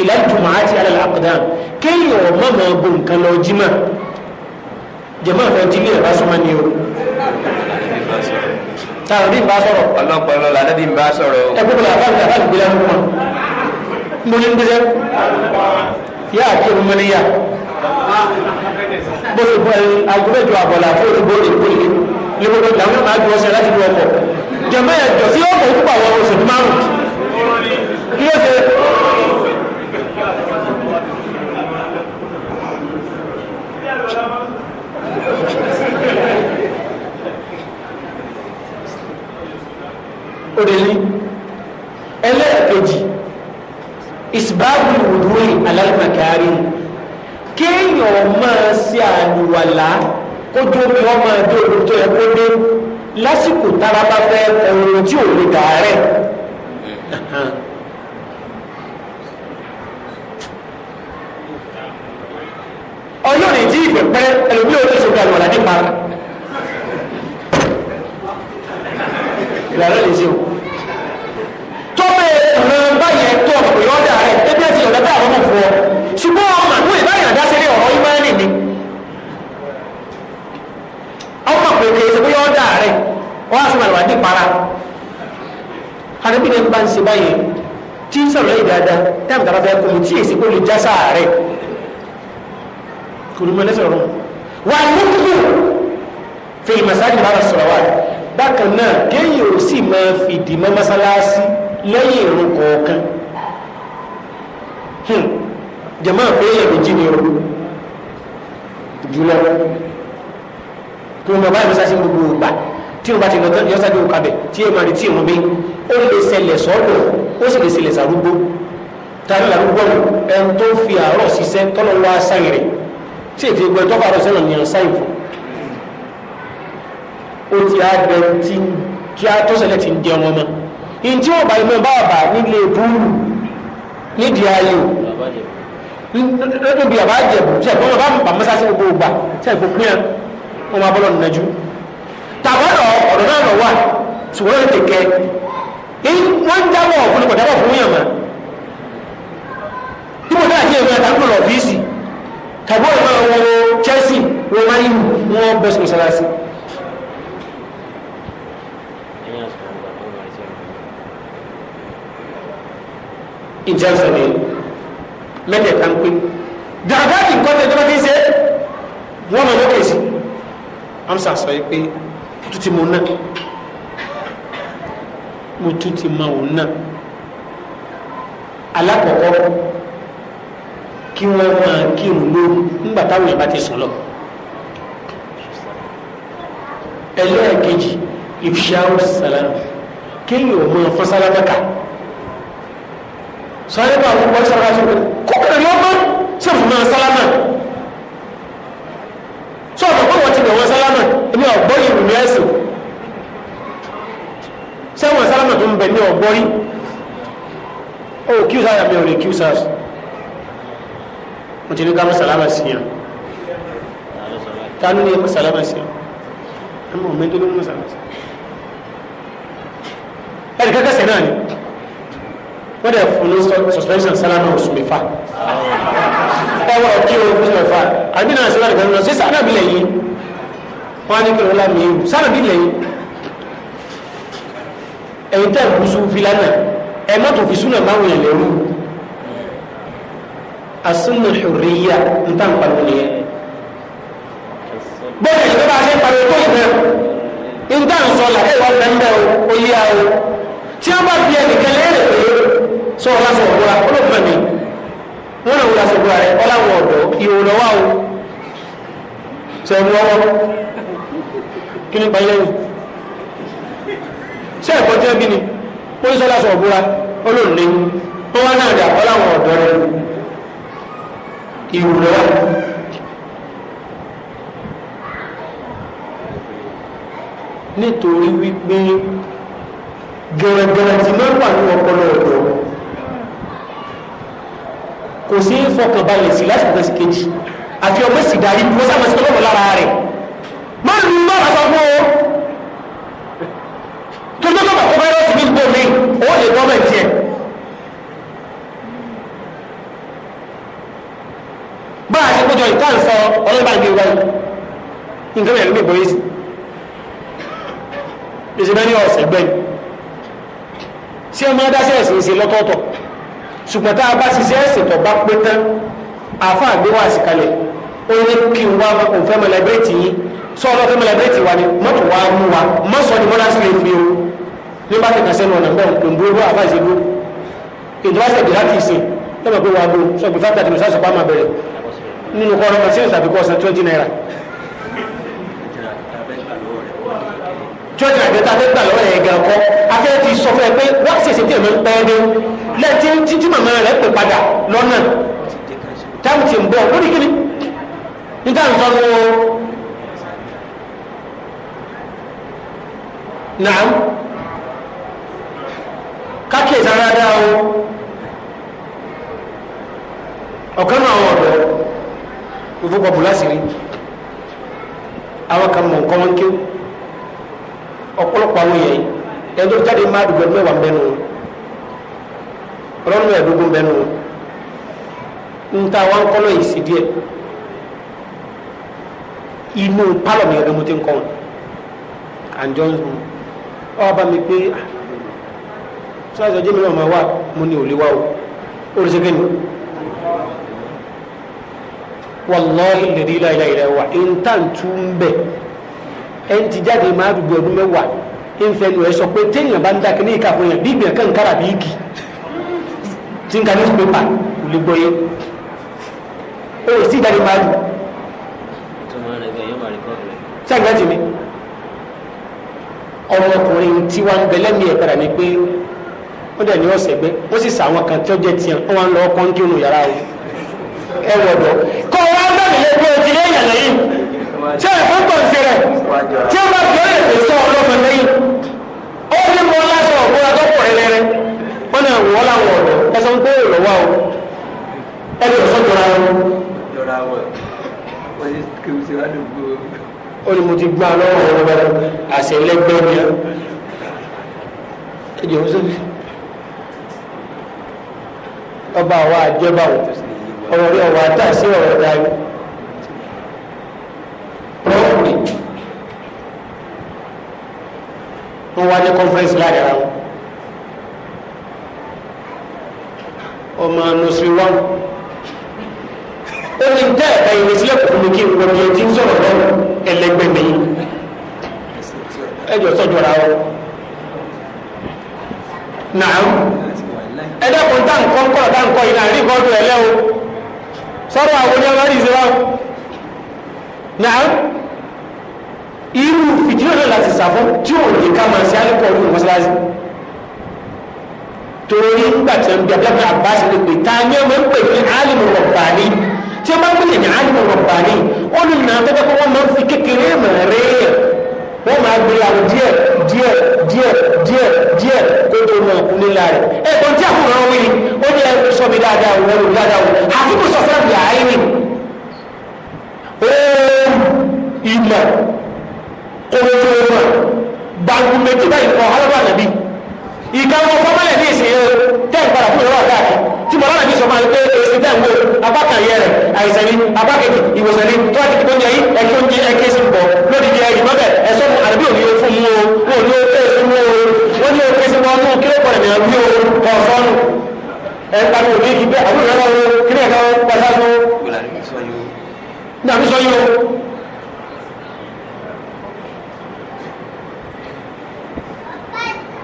ìlà jùmọ̀ àti alẹ́ àkọ́dán kéèyàn ọ̀mọ́ mọ́ bo nǹkan lọ jímọ̀ jẹ̀mọ́ lọ jí ilé ẹ̀ bá súnmọ́ ni o. táwọn bí n bá sọ̀rọ̀. ọlọ́pàá lọ́la níyà bó ṣe fún ẹni agbẹ́jọ àbọ̀là fún olùgbò ìgbòlè lébòdò làwọn máa ju ọṣẹ láti ju ọkọ̀ jẹ̀mọ́ ẹ̀jọ̀ sí ọkọ̀ òkú àwọn oṣù márùn kí ó ṣe. òrèlí ẹlẹ́ẹ̀kejì ìsìbáàbù ìwòdúwé alálùmọ̀kárìn kéèyàn máa ṣe àlùwàlá kójú omi ọmọ ẹgbẹ́ olùtọ ẹ kó dé lásìkò tára bá fẹ́ ẹrù tí ò lè dàárẹ̀ ọlọ́rin tí ìfẹ́ pẹ́ ẹlòmí ò lè ṣe àlùwàlá nípa ìlànà lè ṣe o tọ́mẹ̀ ẹ̀rọ báyẹn tó ọ̀pọ̀ yọ̀ọ́dà rẹ̀ ẹgbẹ́ ti ọ̀dà tá àwọn ọmọ fún ọ ṣùgbọ́n ọmọ àwọn ìbáyìí àdáṣeré ọ̀rọ̀ ìmáàlì ni ọmọ pé kèé ṣe bóyá ọ̀dà rẹ̀ wọ́n á sì máa lọ́wọ́ àdé para arábìnrin bá ń ṣe báyìí tí ń sọ̀rọ̀ yìí dáadáa táàmù tàbá fẹ́ kó mu tí èsì kó lè já sáà rẹ̀ kò ní mọ lẹ́sẹ̀ ọ̀rọ̀ wà á lókùnkù màsáàjì bá sọ̀rọ̀ wa bákan náà kéèyàn ò sì máa fìdí mọ́ mọ́sálásí lẹ́yìn ìrun kọ̀ọ̀kan. Hmm jama péye méjì ni o jùlọ kí wọn bá yọ sásì gbogbo ògbà tí wọn bá ti lọ tán yọ sáájú òkàbẹ tí yóò máa rí tí ìwọn bí ó lè ṣẹlẹ̀ sọ́dọ̀ ó sì lè ṣẹlẹ̀ sàrúgbó tàbí làrúgbó ẹni tó fi àárọ̀ ṣiṣẹ́ tọ́lọ́ wá sáyìn rẹ̀ tí ètò ìgbẹ́ tọ́ba àárọ̀ sẹ́nà nìyẹn sáyìn fún ó ti á bẹ tí kí á tó ṣẹlẹ̀ ti ń jẹun ọmọ ìyìn tí wọn bá yọ nílé búrú nídìí ayò lọ́dún bí àbá jẹ̀bù tí ẹ̀kọ́ bá bà mọ́sá sí gbogbo ògbà tí ẹ̀kọ́ pín ẹ̀ wọ́n máa bọ́lọ̀ nìyànjú tàbọ́dọ̀ ọ̀dọ̀ náà lọ wà ṣùgbọ́n lè kẹ̀kẹ́ wọ́n ń jábọ̀ fún ní pọ̀jábọ̀ fún yàmà tí mo dáàjẹ́ ìwé ẹ̀ta ń lọ fíìsì tàbí ọ̀rọ̀ máa wọ Chelsea Romain wọn bẹ́sù mọ́sálásí ìjẹun sọ̀rọ̀ mẹ́tẹ̀ẹ̀ta ń pé dàgbàtì nǹkan tẹ̀ tó bá fi ń ṣe wọ́n lọ lókè sí amsa sọ yìí pé tó ti mọ náà mo tún ti ma òun náà alákọ̀ọ́kọ́ kí wọ́n máa kírun lóru nígbà táwọn èèyàn bá ti sùn lọ ẹlẹ́ẹ̀kejì ifṣáù sàlámù kéèyàn máa fọ́n sálámù ká sọ́yìn bá wọn gbọ́ sálámù tí o fi máa sálámà tí o mọ̀ pé wọ́n ti bẹ̀ wọ́n sálámà èmi ọ̀gbọ́n yìí rùn ní ẹ̀sìn ṣé wọ́n o kí o sára mi o sára mo ti ní ká mọ́ sálámà sí yẹn tanu ni mọ́ sálámà sí yẹn ẹ mọ̀ mẹ́tọ́ ló náà ni wọ́n dẹ̀ fún ní suspension salary oṣù mẹ́fà ẹwọ́ kí o oṣù mẹ́fà àbínà àṣírà nìkan lọ sí sànàbí lẹ́yìn wọ́n á ní kí ló lámì ewu sànàbí lẹ́yìn ẹ̀yìn tẹ́ ìbùsù filana ẹ̀ mọ́tò fi báwọn èèyàn lẹ́rú asúnà hurriya ń tàn pàdé nìyẹn bẹ́ẹ̀ ni bá a ṣe ń pariwo tó ìfẹ́ ń tàn sọ̀lá ẹ̀ wọ́n bẹ́ẹ̀ ń o ó yá tí wọ́n bá fi ẹnìkan sọ wọn lásán òkúra olóògbé mi wọn náà wọn lásán òkúra rẹ ọláwọn ọ̀dọ́ ìhò lọ́wọ́ o sọ ẹmu ọwọ́ kí ni pàyẹ yìí ṣé ẹ̀kọ́ jẹ́ bí ni wọ́n ní sọ lásán òkúra olóògbé wọn wá náà dà ọláwọn ọ̀dọ́ rẹ ìhò lọ́wọ́. nítorí wípé gẹ̀rẹ́gẹ̀rẹ́ ti máa ń wà ní ọpọlọ ọ̀dọ́ kò sí fọkànbalẹ̀ sí lásìkò kẹsì kejì àfi ọgbẹ́ sì darí bí wọ́n sábà sí ọlọ́run lára rẹ̀ má lu má bàbá fún o tó tó bàbá kó fáyọ́sì ní gbòó mi ó lè gbọ́ bẹ̀ tiẹ̀. bá a ṣe kójọ ìta ń sọ ọlọ́ba ìgbé wáyé nǹkan mìíràn ló gbé sí ìṣẹ̀lẹ̀ ní ọ̀sẹ̀ gbẹ̀yìn sí ọmọ adásẹ̀ ẹ̀sìn ìṣe lọ́tọ̀ọ̀tọ̀ ṣùgbọ́n tá a bá ṣiṣẹ́ ẹ̀sìn tó bá pé tán àfa àgbéwò àsìkalẹ̀ ó ní kí n wá òun fẹ́ mọ lẹ́bírẹ́tì yín sọ ọ́ lọ́fẹ́ mọ lẹ́bírẹ́tì wa ni mọ́tò wa mú wa mọ́sọ̀ ni mọ́lá sí lè fi o ní bá ti kà sẹ́nu ọ̀nà bẹ́ẹ̀ ló ń dúró àfa ìṣe dúró ìdúrásẹ̀ dì láti ìsìn lọ́mọ pé wàá bó sọ pé fáta tìmọ̀ sáṣọ pa máa bẹ̀rẹ̀ nínú kọ́ ọ̀rọ̀ màsílẹ̀ tàbí kọ́ ọ̀sán twenty naira jọ́jà ìgbẹ́ta lẹ́gbà lọ́wọ́ ẹ̀ gan kọ́ afẹ́rẹ́ ti sọ fún ẹ pé wọ́n ṣèṣe tí èmi ń pẹ́ dé lẹ́tí títí màmá rẹ̀ pè padà lọ́nà táwọn ti ń bọ̀ ó ní kíni níta ń sọ fún o. nàám kákìí sára dá o ọ̀kan náà àwọn ọ̀dọ́ ìfowópamọ́ láti rí àwọn kan mọ̀ nǹkan wọn kéwù ọ̀pọ̀lọpọ̀ àwọn yẹn ẹjọ́ jáde máa dùgbẹ́ mẹ́wàá bẹ́nu ọlọ́nu ẹ̀dógún bẹ́nu nta wa ń kọ́lọ́ yìí sí díẹ̀ inú pálọ̀ mi ọ̀dọ́mọdé ń kọ́ wọn àǹjọ́ ń sùn ọ bá mi pé sọ́ọ́sọ́ jẹ́mi náà máa wà mo ní òlé wa o oríṣiríṣi ni wàlláhi lèdí láìláìláìwà ìntàntú ẹni ti jáde máa dùgbò ọdún mẹ́wàá ìfẹ́ nu ẹ sọ pé téèyàn bá ń dá ìka fún kan kára bí igi tí n ka ní pépà kò lè gbọ́ yé o ò sì jáde máa dùn. sẹ́gbẹ́ tì ya ọmọkùnrin tí wọ́n ń bẹ lẹ́mìí ẹ̀ padà ni pé ó dẹ̀ ní ọ̀sẹ̀ ó sì sàwọn kan tí ó tiẹ̀ lọ ònú yàrá wọ̀dọ̀ bẹ̀rẹ̀ ṣé ẹ̀fọ́ tọ̀ sí rẹ̀ tí ó bá bẹ̀rẹ̀ lè sọ ọlọ́mọ lẹ́yìn ó ní mọ lásán ọ̀gbọ́n atọ́pọ̀ ẹlẹ́rẹ́ wọn náà wọ́ láwọn ọ̀dọ́ ẹsẹ̀ ń gbé ìrọ̀wá o ẹni ọ̀sán jọra wọn. jọra wọn wọn ní kí ó ní mo ti gbá lọ́wọ́ ọ̀rọ̀ bẹ́ẹ̀ àṣẹ ẹlẹ́gbẹ́ mi ẹ̀jẹ̀ ó sọ́bi ọba àwa àjẹbà ọ̀rọ̀ rẹ̀ àtàṣe ọ̀rọ̀ dáyé ọkùnrin wọ́n wá ní conference láàrin ara wọn ọmọ nursery one ó ní dá ẹ̀ka ìrẹsílẹ̀ kò ní kí n wọ bí ẹ ti ń sọ̀rọ̀ lọ́wọ́ ẹlẹgbẹ́ mi ẹjọ́ sọ́jọ́ ra wọn náà ẹ dẹ́kun tá nǹkan kọ́ tá nǹkan yìí náà rí ìkọ́dù ẹ̀ lẹ́wọ̀ sọ́rọ̀ àwọn oníyàwó rí ìṣẹ́ náà irú fìdíò náà láti sàfọ́ tí ò lè ká máa ṣe alẹ́ pọ̀lú mọ́sálásí torí nígbà tí wọn bí abúlé abbas lè pè tá a ní ọmọ ń pè ní alimu rabbani tí wọn bá ń pè ní alimu rabbani olùnà tó dẹ́kun wọn máa ń fi kékeré mọ̀ rẹ̀ wọn máa gbé àwọn díẹ̀ díẹ̀ díẹ̀ díẹ̀ díẹ̀ kó tó mọ̀ nílá rẹ̀ ẹ kò tí àwọn ọmọ wí ni ó ní ẹrú sọ mi dáadáa wọn ò dáadáa wọn àti kò sọ ìmọ̀ kòtò mọ̀ gbàgbù méjì báyìí kan alábà nàbí ìka wọn fọmọlẹ ní ìsìn yẹn tẹ n padà fún ìrọ̀lẹ́ àkáàkì tí mo lọ́nà bí sọ máa ń pé èsì tẹ̀ ń wò abákan yẹ rẹ̀ àìsàn ni abákejì ìwòsàn ni tó àti kíkọ́ ń jẹ yìí ẹ̀kí oúnjẹ ẹ̀kí sì ń bọ̀ lórí di ẹ̀yìn mọ́bẹ̀ ẹ̀sọ́ mu àdàbí òní fún mú o wọn ò ní o pèsè mú o wọn ní o pèsè wọn mú kílẹ̀ pọ̀ nìyẹn bí o ọ̀sán ẹ̀ka mi ò ní kí bẹ́ẹ̀ àbúrò náà wọ kílẹ̀ náà pàṣẹ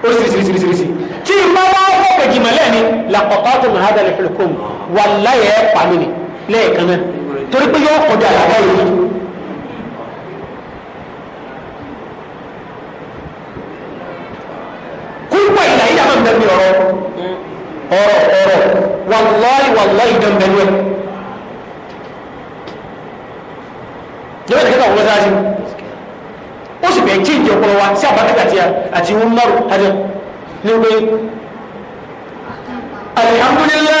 oríṣiríṣiríṣiríṣi tí ìgbà wá fọ́pẹ̀ jìmọ̀ lẹ́ni làpọ̀pọ̀ tó máa dálẹ̀ fún kòm wà láyé pàmì ni lẹ́ẹ̀kan náà torí pé yóò kọjá àlàkà yìí kúrúkọ ìlà yìí àmà bẹ̀rẹ̀ ọ̀rọ̀ ọ̀rọ̀ ọ̀rọ̀ wàlọ́ọ̀lì wàlọ́ọ̀lì dán bẹ̀rẹ̀ ẹ̀ ó sì bẹ̀ẹ́ jí ìjọ ọpọlọ wa sí àbákẹ́tà àti àti wọn mọ́rù àti ní pé alihamdulilayi.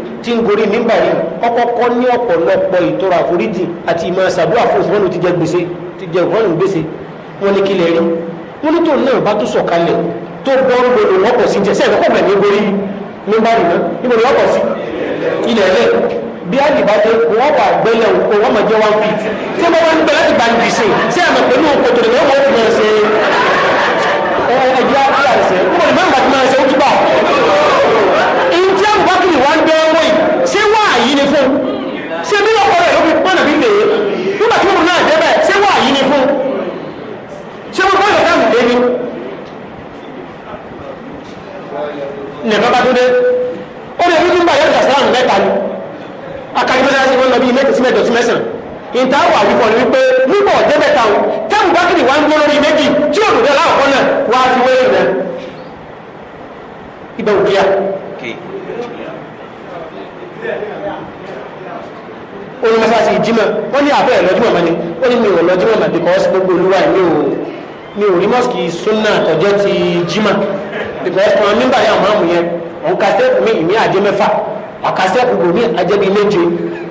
tí ń gorí nígbà yìí ọkọ̀ọ̀kọ́ ní ọ̀pọ̀lọpọ̀ ìtọ́rọ̀ àforíjì àti ìmọ̀ ṣàdúrà fún ìfọ́nù ti jẹ gbèsè ti jẹ ìfọ́nù gbèsè wọn ní kílẹ̀ rí wọn ní tòun náà bá tó sọ̀kalẹ̀ tó bọ́ọ̀rù gbòdò lọ́pọ̀ sí jẹ sẹ́yìn lọ́pọ̀ ní gorí nígbà yìí náà níbo ni lọ́pọ̀ sí ilẹ̀ ẹ̀lẹ́ bí a lè bá dé wọn wà gbẹlẹ òkú wọn máa jẹ one feet tí wọn bá ń bẹ láti bá ń gbèsè sí àmọ́ pẹ̀lú òkòtò lè wọn wọn fi máa ṣe ẹ ẹ ẹ jẹ àkúrà ẹsẹ wọn ṣe ó túbà. ṣé wà yìí ni fún ṣé bí ọkọ rẹ̀ ló fi pọ́n nàbí lè nígbà tí mo náà débẹ̀ ṣé wà yìí ni fún ṣé mo bọ́ọ̀lù dáhùn dé ni. nìkan bá tó dé ó lè dúdú bá yọ̀dà sáà mẹ́ta ni akadémọ́sá ṣe wọ́n lọ bí mẹ́tẹ̀sí mẹ́tẹ̀sí mẹ́sàn-án ìta wà wípọ̀ ni wípé nígbà ọ̀dẹ́ mẹ́ta o tẹ́mu bákìrì wá ń gbọ́ lórí méjì tí olùdó láwùkọ́ náà wá fi wéyìn náà ibà òkè olùmọ́sáàsì ìjímọ̀ wọ́n ní àfẹ́ ìlọ́jímọ̀ mọ́ ni ó ní mi ò lọ́jímọ̀ mọ́ because gbogbo olúwa mi ò mi ò rí mọ́sìkì súnà tọ́jọ́ ti jímọ̀ because kan nígbà yà máa mú yẹn òun ka sẹ́ẹ̀kù mi ìmí àjẹ́ mẹ́fà wàá ka sẹ́ẹ̀kù bò mí àjẹ́ bíi méje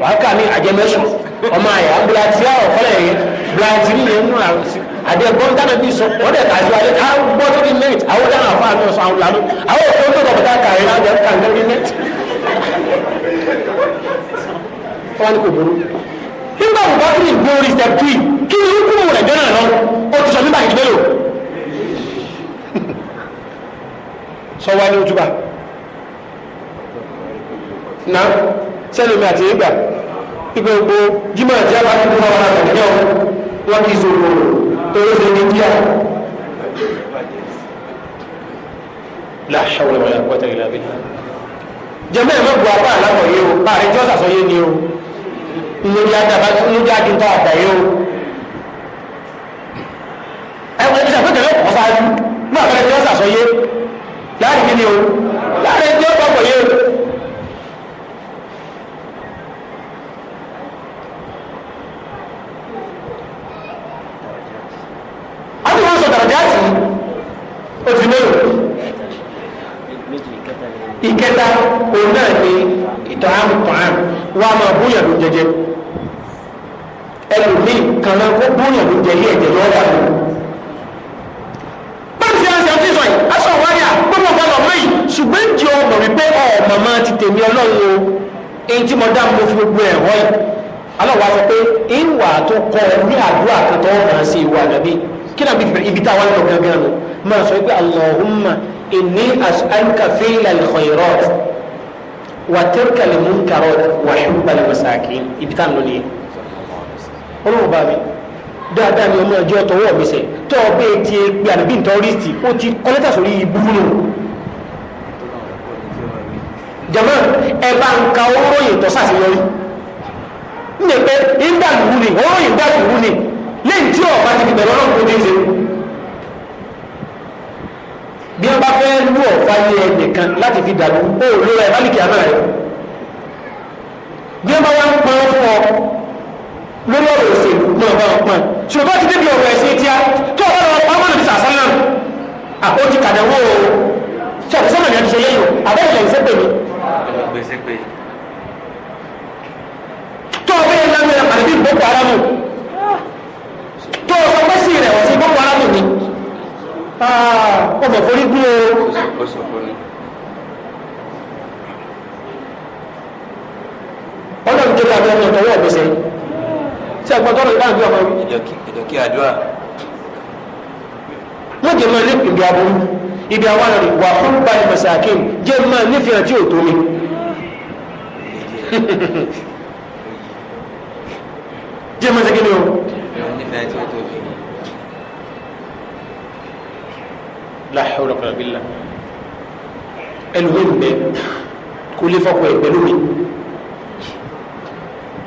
wàá kà mí àjẹ́ mẹ́sàn ọmọ àyà bulati àwọn fọlẹ̀ yẹn bulati mi yẹn nù àdé gbọ́n dáná bí sọ wọ́n dẹ̀ kájú àdé ká gbọ́ tó di mẹ́t àwọn dáná àfa àná sọ àwọn làánú àwọn òfin tó dọ̀ bàtà kàrí náà jẹ́ kàńgẹ́ wọn kò burú nígbà tó bá kí ni gbórí step three kí ni ó kúrò rẹ̀ jọ́nà lọ́rùn ó nígbà ìdílé lò sọ wá ní ojúbà náà sẹ́lẹ̀ mi àti ìgbà ìgbà gbogbo jimá àti àbá ti fún àwọn àgbàdìyàn wọn kì í sòrò torí ṣe ní díà la hawla wala quwwata illa billah jẹ́mẹ́ ẹ̀ mọ́ bu apá àlámọ̀ yìí o ààrẹ jọ́sà sọ yé ni o lórí àtàbà lórí àkíntà àtàyè o ẹgbẹ́ ìṣẹ́ fún tẹ̀lé ọ̀pọ̀ sáájú náà fẹ́rẹ́ tí ó sàsọyé láàrin kí ni o láàrin tí ó pọ̀pọ̀ yé a ti wọ́n sọ dàrọ̀dẹ́ àti òtún mélòó ìkẹta òun náà ni ìtọ́hámù tọ́hámù wà á máa búyàn ló jẹjẹ ẹlòmíì kan náà kó búyàn ló jẹ yí ẹ̀jẹ̀ yọ ọ́dà lọ. báyìí ṣe àṣà tí sọ yìí aṣọ wáyà gbogbo ọ̀gá lọ́mọ yìí ṣùgbọ́n jẹ ọmọ wípé ọmọ máa ti tèmi ọlọ́run o èyí tí mo dá mo fi gbogbo ẹ̀ wọ́ yìí aláwọ̀ sọ pé ìwà tó kọ ní àdúrà kan tó máa ṣe ìwà nàbí kí nàbí ibi táwọn lọ gángan nù máa sọ pé Allahumma إني أسألك فعل الخيرات وترك المنكرات وحب المساكين إبتان لولي ọlọ́run bá mi dáadáa ni ọmọ ẹjọ́ tọwọ́ mi sẹ̀ tọ́ ọ bẹ́ẹ̀ ti gbé àdébí ntọ́rìsì ó ti kọ́lẹ́tà sórí ibú nù. jama ẹ bá ń ka oróyìn tọ́ sáà sí lórí ní pé ń dàlú ni oróyìn dàlú ni lẹ́yìn tí ọba ti fi bẹ̀rẹ̀ ọlọ́run kò dé ṣe bí wọ́n bá fẹ́ lú ọ̀fà yé ẹnìkan láti fi dàlú ó lóra ẹ̀ lálìkì àná rẹ̀ bí wọ́n bá wá ń pọn fún ọ lórí ọ̀rọ̀ òṣèlú náà bá wọn pọn ṣùgbọ́n ti débi ọ̀rọ̀ ẹ̀sìn a tó ọ̀rọ̀ lọ pa mọ́nà bísà sálà àpò ti kàdánwó o ṣọ̀kọ̀ sọ́nà ní ẹni ṣe lẹ́yìn àbẹ́rẹ́ lẹ́yìn sẹ́pẹ̀ mi. tó o bẹ́ẹ̀ lámì àbí Boko Haram tó o sọ pé sí rẹ̀ wọ́n sí Boko Haram ni. Ah, ọmọ forí gún o. ọlọ́run tó dáa lọ́wọ́ tọwọ́ ọ̀gbẹ́sẹ̀ tí àgbàdo ọ̀rọ̀ ìdáhùn bí ọmọ wí. ìdọ̀kí àdúrà. wọ́n jẹ́ máa lépè bí aburú ibi àwọn àrùn wà fún balẹ̀ mọ̀sáàkì jẹ́ máa nífẹ̀ẹ́ tí ò tó mi. jẹ́ máa ṣe kí ni o. nífẹ̀ẹ́ tí ò tó mi. la hawla wala billah ẹlòmíì ń bẹ kó lè fọkọ ẹ pẹ̀lú mi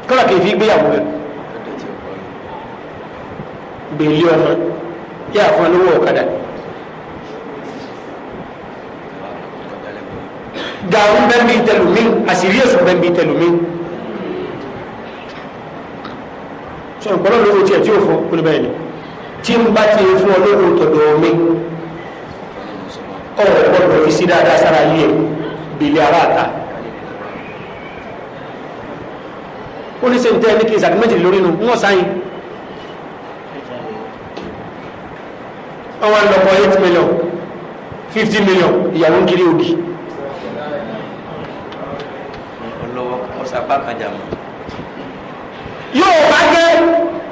kọ́lá kìí fi gbéyàwó rẹ̀ bèèlì ọmọ yà fún olówó ọ̀kadà dàrú bẹ́ẹ̀bí tẹlùmí àṣírí ẹ̀sùn bẹ́ẹ̀bí tẹlùmí sọ̀rọ̀ pọ̀lọ́ lówó tiẹ̀ tí ó fún olùbẹ̀ẹ̀ni tí ń bá ti fún olówó tọ̀dọ̀ mi ọ̀rọ̀ gbọ́dọ̀ fi sí dáadáa sára ilé ẹ̀ bèlè aráàta ó ní sèǹtẹ́ ní kí n sàdí méjì lórí nu ń wọ́n sáyìn ọwọ́ ń lọ kọ́ eight million fifty million ìyàwó ń kiri ògì. olówó kọ́ sábà kájà mọ́. yóò bá jẹ́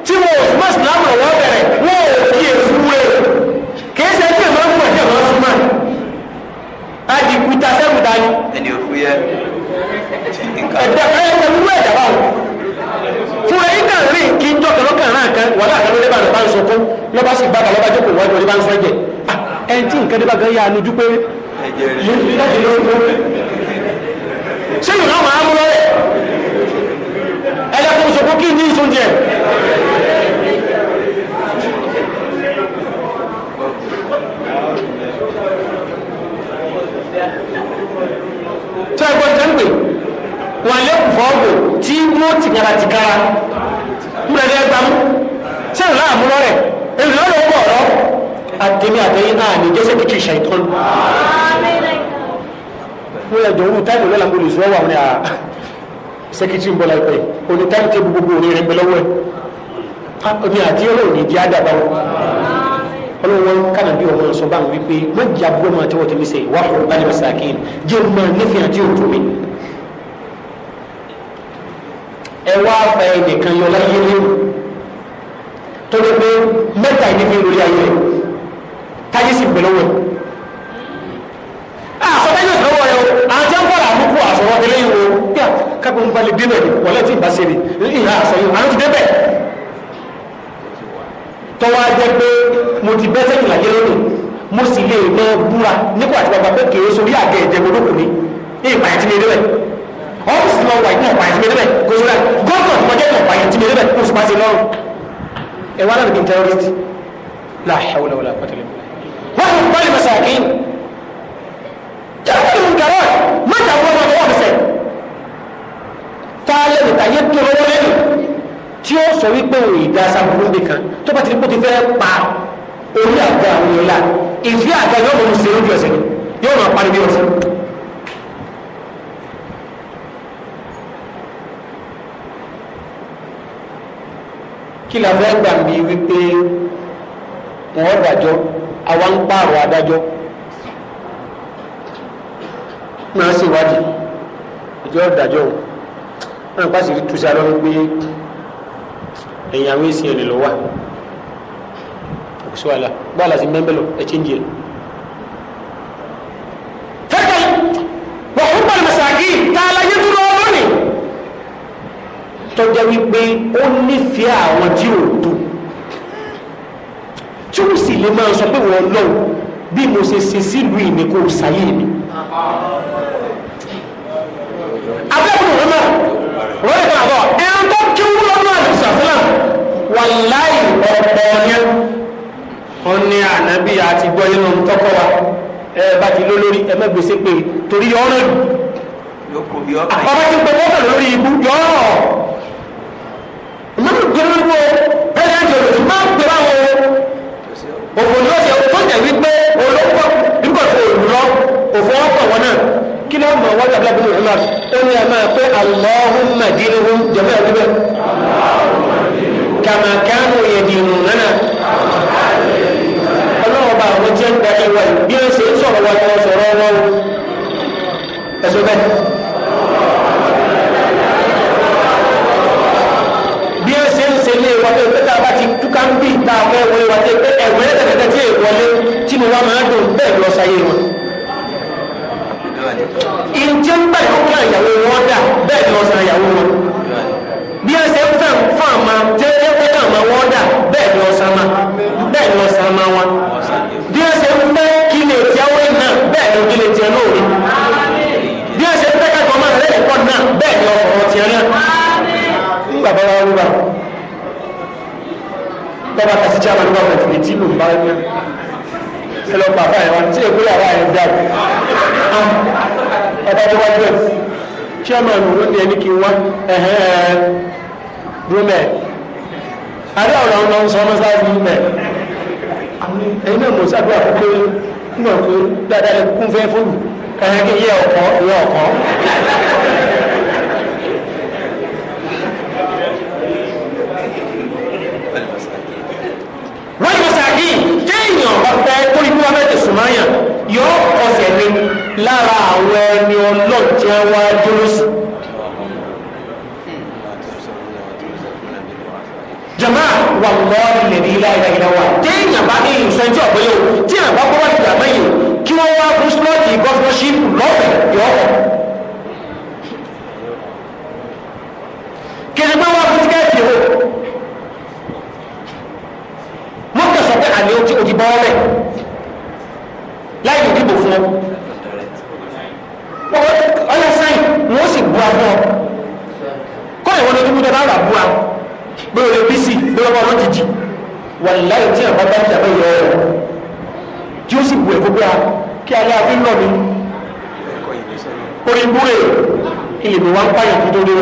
tí wọn ò mọ̀ sílámù lọ́wọ́ bẹ̀rẹ̀ wọn ò kí èrú ta ni. ẹni òfu yẹ. ẹ̀dá ẹ̀ ẹ̀wú ẹ̀dá báwo. fún ẹ ní kàn rìn kí n jọ kàn lọ́kàn náà kan wàhálà kan lóde bàtà bá ń sunkún lọ́ba sì gbàgbà lọ́ba jókòó wájú ọdẹ bá ń sọ ẹ̀jẹ̀. Ah, ẹ ti nǹkan dé bá gan yà á lójú pé. ṣé yóò náà máa mú lọ́rẹ̀? ẹ wà lẹ́kùnfọ́ ọ̀gbò tí mú tìkara tìkara múlẹ̀dẹ́ gbámú sẹ́yìn láàmú lọ́rẹ̀ èlò lọ́rẹ̀ ó bọ̀ ọ̀rọ̀ àtẹ̀mí àtẹ̀yìn náà ní jẹ́sẹ̀ kìkì ṣàìtọ́nù múlẹ̀ jọ orú táìmù lọ́la mo lè sọ wà ní àà sẹ́kítì ń bọ̀ láìpẹ́ òní táìmù tẹ́ gbogbo òní rẹ̀ ń bẹ lọ́wọ́ ẹ̀ ní àti ọlọ́run ní di àdàbà wọn ọlọ́wọ́n kánà bí ọmọ sọ báwọn wípé mọ́jà bọ́ máa tẹ́wọ́ tẹ́lẹ́sẹ̀ wà fún bá ní masakin jẹ́ mọ́ nífẹ̀ẹ́ àti òtún mi ẹ wá gba ẹnìkan yọ láyé léwu torí pé mẹ́ta ẹni fi lórí ayé rẹ̀ táyé sì gbẹ̀lẹ́ wẹ̀. àsọtẹ́ yóò sọ̀rọ̀ ẹ̀ o àti ń bọ̀rọ̀ àbúkù àsọ̀rọ̀ ilé yìí o bíà kápẹ́ ń balẹ̀ débẹ̀ wọlé tí ì bá ṣe ni ìhà àsọ̀yìn àwọn ti débẹ̀ tọ́wọ́ jẹ́ pé mo ti bẹ́ sẹ́yìn láyé lónìí mo sì lè lọ búra nípa àti bàbá pé kèé sórí àgẹ̀ ìjẹ́gbọ́dọ́kùnrin ní ìpàyẹ̀ tí mi rí ọ́fíìsì lọ wà ní ọ̀pá ẹ̀tí mẹ́lẹ́bẹ̀ kò sọ́dá gọ́ọ̀tọ̀ tí wọ́n jẹ́ ọ̀pá ẹ̀tí mẹ́lẹ́bẹ̀ kò sọ́pá sí lọ́rùn ẹ̀wọ́n náà nìkan terrorist la hawla wala quwwata illa billah wọ́n ti bá lè mẹ́sà kí n jákèjì ń gàrọ́ mẹ́ta wọ́n máa wọ́n fẹsẹ̀ tálẹ̀ nìta yé tó lọ́wọ́ lẹ́nu tí ó sọ wípé òun ìdá sábúrú nìkan tó bá ti rí bóti fẹ́ pa orí àga àwọn ìlà ìfẹ́ àga yóò mọ̀ mọ̀ sí ojú ẹ̀sẹ̀ yóò mọ̀ parí bí ọ̀sẹ̀ kí la fẹ́ gbà mí wípé wọ́n dájọ́ àwa ń pààrọ̀ adájọ́ máa ṣe ìwádìí ìjọ dájọ́ wọn pa sì rí túnṣe alọ́run pé ẹ̀yìn àwọn èsì ẹ̀rìn lọ́wọ́ àkùsọ̀ àlà gbọ́ àlàsí mẹ́mbẹ́lọ ẹ̀ chíńjì ẹ̀ jẹ́ wípé ó nífẹ̀ẹ́ àwọn tí ò tó tí ó sì lè máa sọ pé wọ́n lọ bí mo ṣe ṣe sílùú ìní kò sáyé mi. abẹ́kùnrin rẹ̀ náà wọ́n lè kàn bọ̀ ẹ̀ ń bọ́ kí wọ́n lọ́nà àdìsàfúnà wà láì ọ̀pọ̀ ọ̀yẹ́ wọn ní ànábì àti gbọ́ yẹn lọ́n tọ́kọ́ wa ẹ bá ti ló lórí ẹ mẹ́gbèsè pé torí yọ ọ́ ọba ti gbọ́ mọ́tò lórí ibú yọ ọ́ jẹ́rìndínwó pẹ́lẹ́ntì olùsùn máa ń pè báwo òfò ni ó ṣe tó jẹ́ wípé olóńgbò nígbà tó lù lọ òfò ọkọ̀ wọn náà kí ló mọ̀ wọ́n dàbí abúlé ìlú náà ó ní ẹ máa pé Allahumma dinhum jẹ́mẹ́ ẹ̀dúgbẹ́ kama kanu yadinunana ọlọ́wọ́ bá àwọn jẹ́ ń gbà ẹwà bí ó ṣe ń sọ̀rọ̀ wọn lọ́wọ́ sọ̀rọ̀ wọn ẹ̀sùn bẹ́ẹ̀. kan bí ìta àwọn ẹwọ ẹwà tẹ pé ẹwẹ ẹtẹtẹtẹ tí èèwọlé bí ẹ ṣe ń fẹ́ fún àmà tẹ́lẹ̀ fún àmà wọn dà bẹ́ẹ̀ lọ sàn wọn. tọ́ba kasi chairman government etí ló ń bá yẹn ẹ lọ pa fáyẹn wọn tí èkó yàrá yẹn dá ọba tó wájú ẹ chairman ló ń di ẹni kí n wá rúmẹ adé àwọn ọ̀nà ń sọ ọmọ sáà rúmẹ ẹ̀yin náà mọ̀ sábẹ́ àkókò náà pé dáadáa kún fẹ́ fóònù ẹ̀hìn yẹ ọkọ ìyẹ ọkọ. yìí téèyàn bá fẹ́ torí pé wọ́n mẹ́tẹ̀ sùmáyà yóò kọsẹ̀ ní lára àwọn ẹni ọlọ́jẹ́ wá jólósì. jama wàlọ́ọ̀lì lè ní láìda ìdá wa téèyàn bá ní ìsọjí ọ̀pẹ́lẹ́ o tí a bá kọ́wọ́ ìgbà mẹ́yìn kí wọ́n wá fún slọ́ọ̀tì gọ́fúnọ́ṣípù lọ́fẹ̀ẹ́ yọ̀ọ̀kọ̀ kí ni pé wọ́n sọ pé àlè ojú ojú bọ́ ọ́lẹ̀ láì dìbò fún ọ ọlọ sáyìn wọn ó sì bu abọ́ ọ kọ́ ìwọ lójú múdẹ bá wà a bí olè bí sí bí ọmọ ọlọ́jì jì wà láì tí ẹ̀kọ́ bá ń tàbí ìyọ tí ó sì bu ẹ̀kọ́ bí a kí alẹ́ àfi ń lọ mi orin búre ìlèmí wa ń pààyàn tó tó dé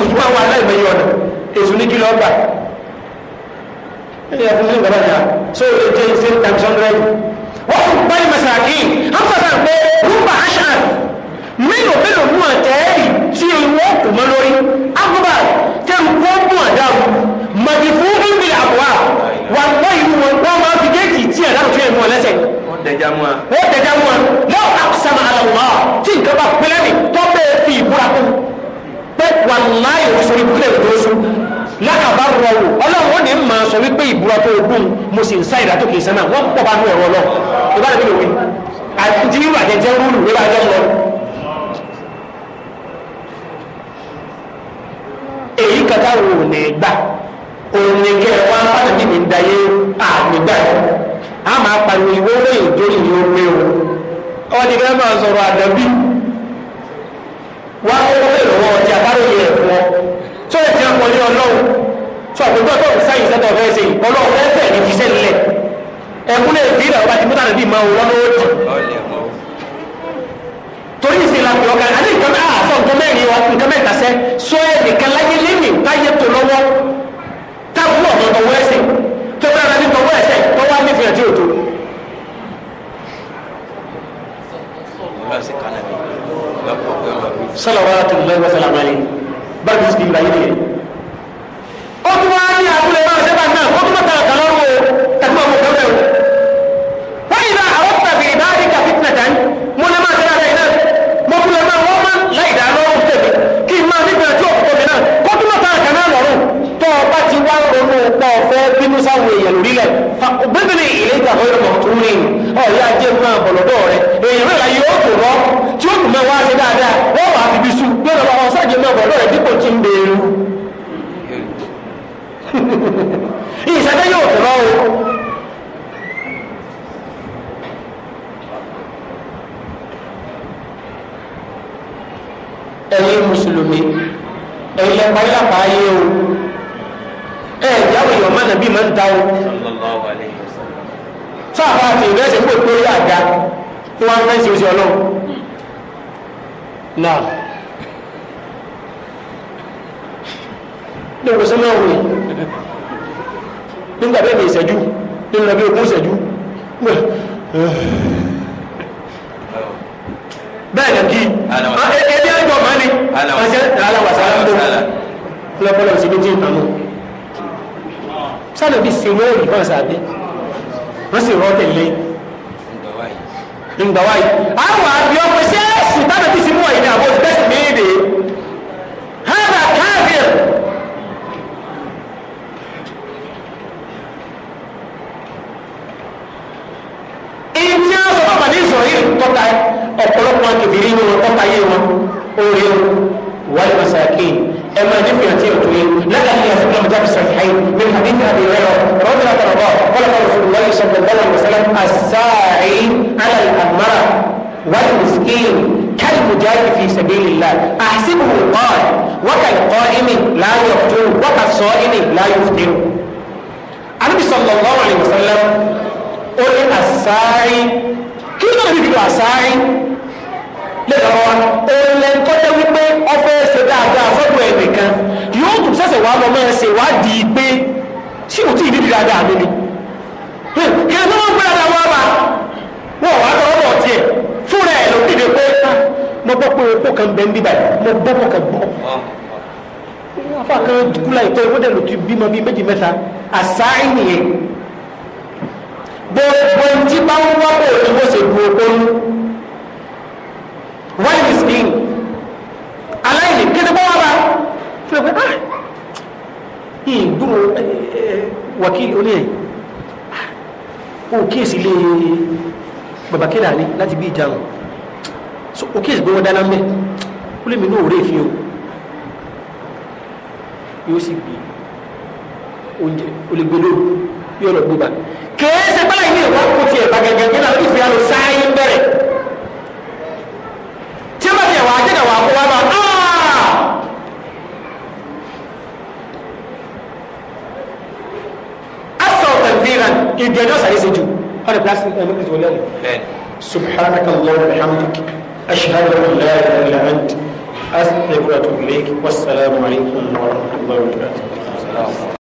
òtún àwọn aláìmọye ọ̀nà èso ní kí lọ́ọ́ ẹ̀yà fún yín bàbá yà so o lè jẹ́ ìfẹ́ times hundred wọ́n fún báyìí masaki wọ́n fún sàn pé rúbà aṣa mélòó mélòó mú àtẹ́ẹ̀rì tí wọ́n kù mọ́ lórí agbábà tẹ́ ń kó mú àdáwù màdì fún bíbí àbúwá wà lọ́ ìlú wọn wọ́n máa fi géètì tí àdáwù tí ẹ̀ mú lákàbá rọrùn ọlọ́run ó ní ma sọ wípé ìbúra tó ogun mo sì ń sá ìdájọ́ kìí sánà wọ́n pọ̀ bá lọ ìbáraẹni lòwe àti tí yóò àjẹjẹ rúlù lórí àjọ lọ èyí kata wò ní gbà òní kẹ wá ní àmìgbà a máa ìwé ìjọ ìlú omi o ọdí máa sọ̀rọ̀ àdàbí wá ó lọ́wọ́ torí ọlọ́run tí ọ̀pọ̀gbọ́n tó ń sáyìn sẹ́tọ̀ fẹ́ ṣe ọlọ́run fẹ́ fẹ́ ní fiṣẹ́ nílẹ̀ ẹkún lè bí ìlànà ti mútà níbi ìmọ̀ òwúrọ̀ lówó jù torí ìsìnlá pè ọkà àti nǹkan náà nǹkan mẹ́rin wa nǹkan mẹ́ta sẹ́ sọ ẹ́ nìkan láyé lémi táyé tó lọ́wọ́ táwọn ọ̀dọ̀ tọwọ́ ẹ̀sìn tó rárá ní tọwọ́ ẹ̀sẹ̀ tọwọ́ á nífẹ̀ẹ́ tí ò tó. salawatu ó tún wá ní abúlé náà pàápàá yé o ẹ ìyáwó èèyàn má nàbí máa ń ta o sáàbà àti ìrẹsẹ̀ pé pé ó yà dá kí wọ́n á fẹ́ ṣe oṣù ọlọ́run náà ní ìwòsàn náà wòye nígbà bẹ́ẹ̀ ní ìṣẹ́jú nínú ẹbí ogún ìṣẹ́jú bẹ́ẹ̀ ní kí ẹbí ẹjọ́ máa ní ọjọ́ aláwàsá ń bọ̀ lọ́pọ̀lọ́ sí méjì ìtàmù sálẹ̀ bí sinú ẹ̀rí kan sàbí wọ́n sì rọ́ tẹ̀lé ìgbàwáyé àwọn àbí ọkọ̀ ṣe é sì tábà tí sinú ọ̀yìn àbò ìgbẹ́sì méèdè hádà káàkiri ìtí àwọn ọmọ bàbá ní ìsọ̀rí tọ́ta ọ̀pọ̀lọpọ̀ kìbìrì wọn tọ́ta yé wọn orí wọn wọ́n lè اما جبت نتيجته نقل لي في المجال الصحيحين من حديث ابي هريره رضي الله عنه قال رسول الله صلى الله عليه وسلم الساعي على الامره والمسكين كالمجاهد في سبيل الله احسبه قال وكالقائم لا يفتر وكالصائم لا يفطر. النبي صلى الله عليه وسلم قل الساعي كيف نقول الساعي lẹ́yìn ọ̀rọ̀ wa òun lẹ́yìn tó jẹ́ wípé ọfẹ́ ṣe dáadáa fọ́dọ̀ ẹ̀ nìkan yóò tún sẹ̀sẹ̀ wá lọ mọ́ ẹsẹ̀ wá di pé ṣé òtí ìdí dáadáa mi ni kí ẹ lọ́wọ́ gbé ara wa bá wọ́n wá tọ́ ọ̀rọ̀ tiẹ̀ fúnra ẹ̀ ló dìde pé ah, mo gbọ́ pé opó kan bẹ́ẹ̀ ń bíbà mo gbọ́ pọ̀ kan bọ́ afa kan kula ìtọ́ ìwé dẹ̀ ló ti bímọ bíi méjì mẹ́ta àṣà ìnìyẹn gbogbo ẹni tí bá wá bò ní bó ṣe bu opó wọ́n ní skin aláìní kéde bọ́ wà bá tó lè pẹ́ ìyìn dúró eh, eh, eh, wákìlì oníyẹn ó ah! kíyèsí lé bàbá kéde àní láti bí ìjà wọn so ó kíyèsí pé wọ́n dáná mẹ́ ó lè mi ní òwúrọ̀ èéfín o yóò sì gbé oúnjẹ ó lè gbé lóru yóò lọ gbé bá kéésì ìwọ́n kò tiẹ̀ bàgàgàgà náà ó fi àlọ́ bẹ̀rẹ̀. da ba a asautan igbejo ju plastic سبحانك اللهم وبحمدك أشهد أن لا إله إلا أنت أستغفرك وأتوب إليك والسلام عليكم ورحمة الله وبركاته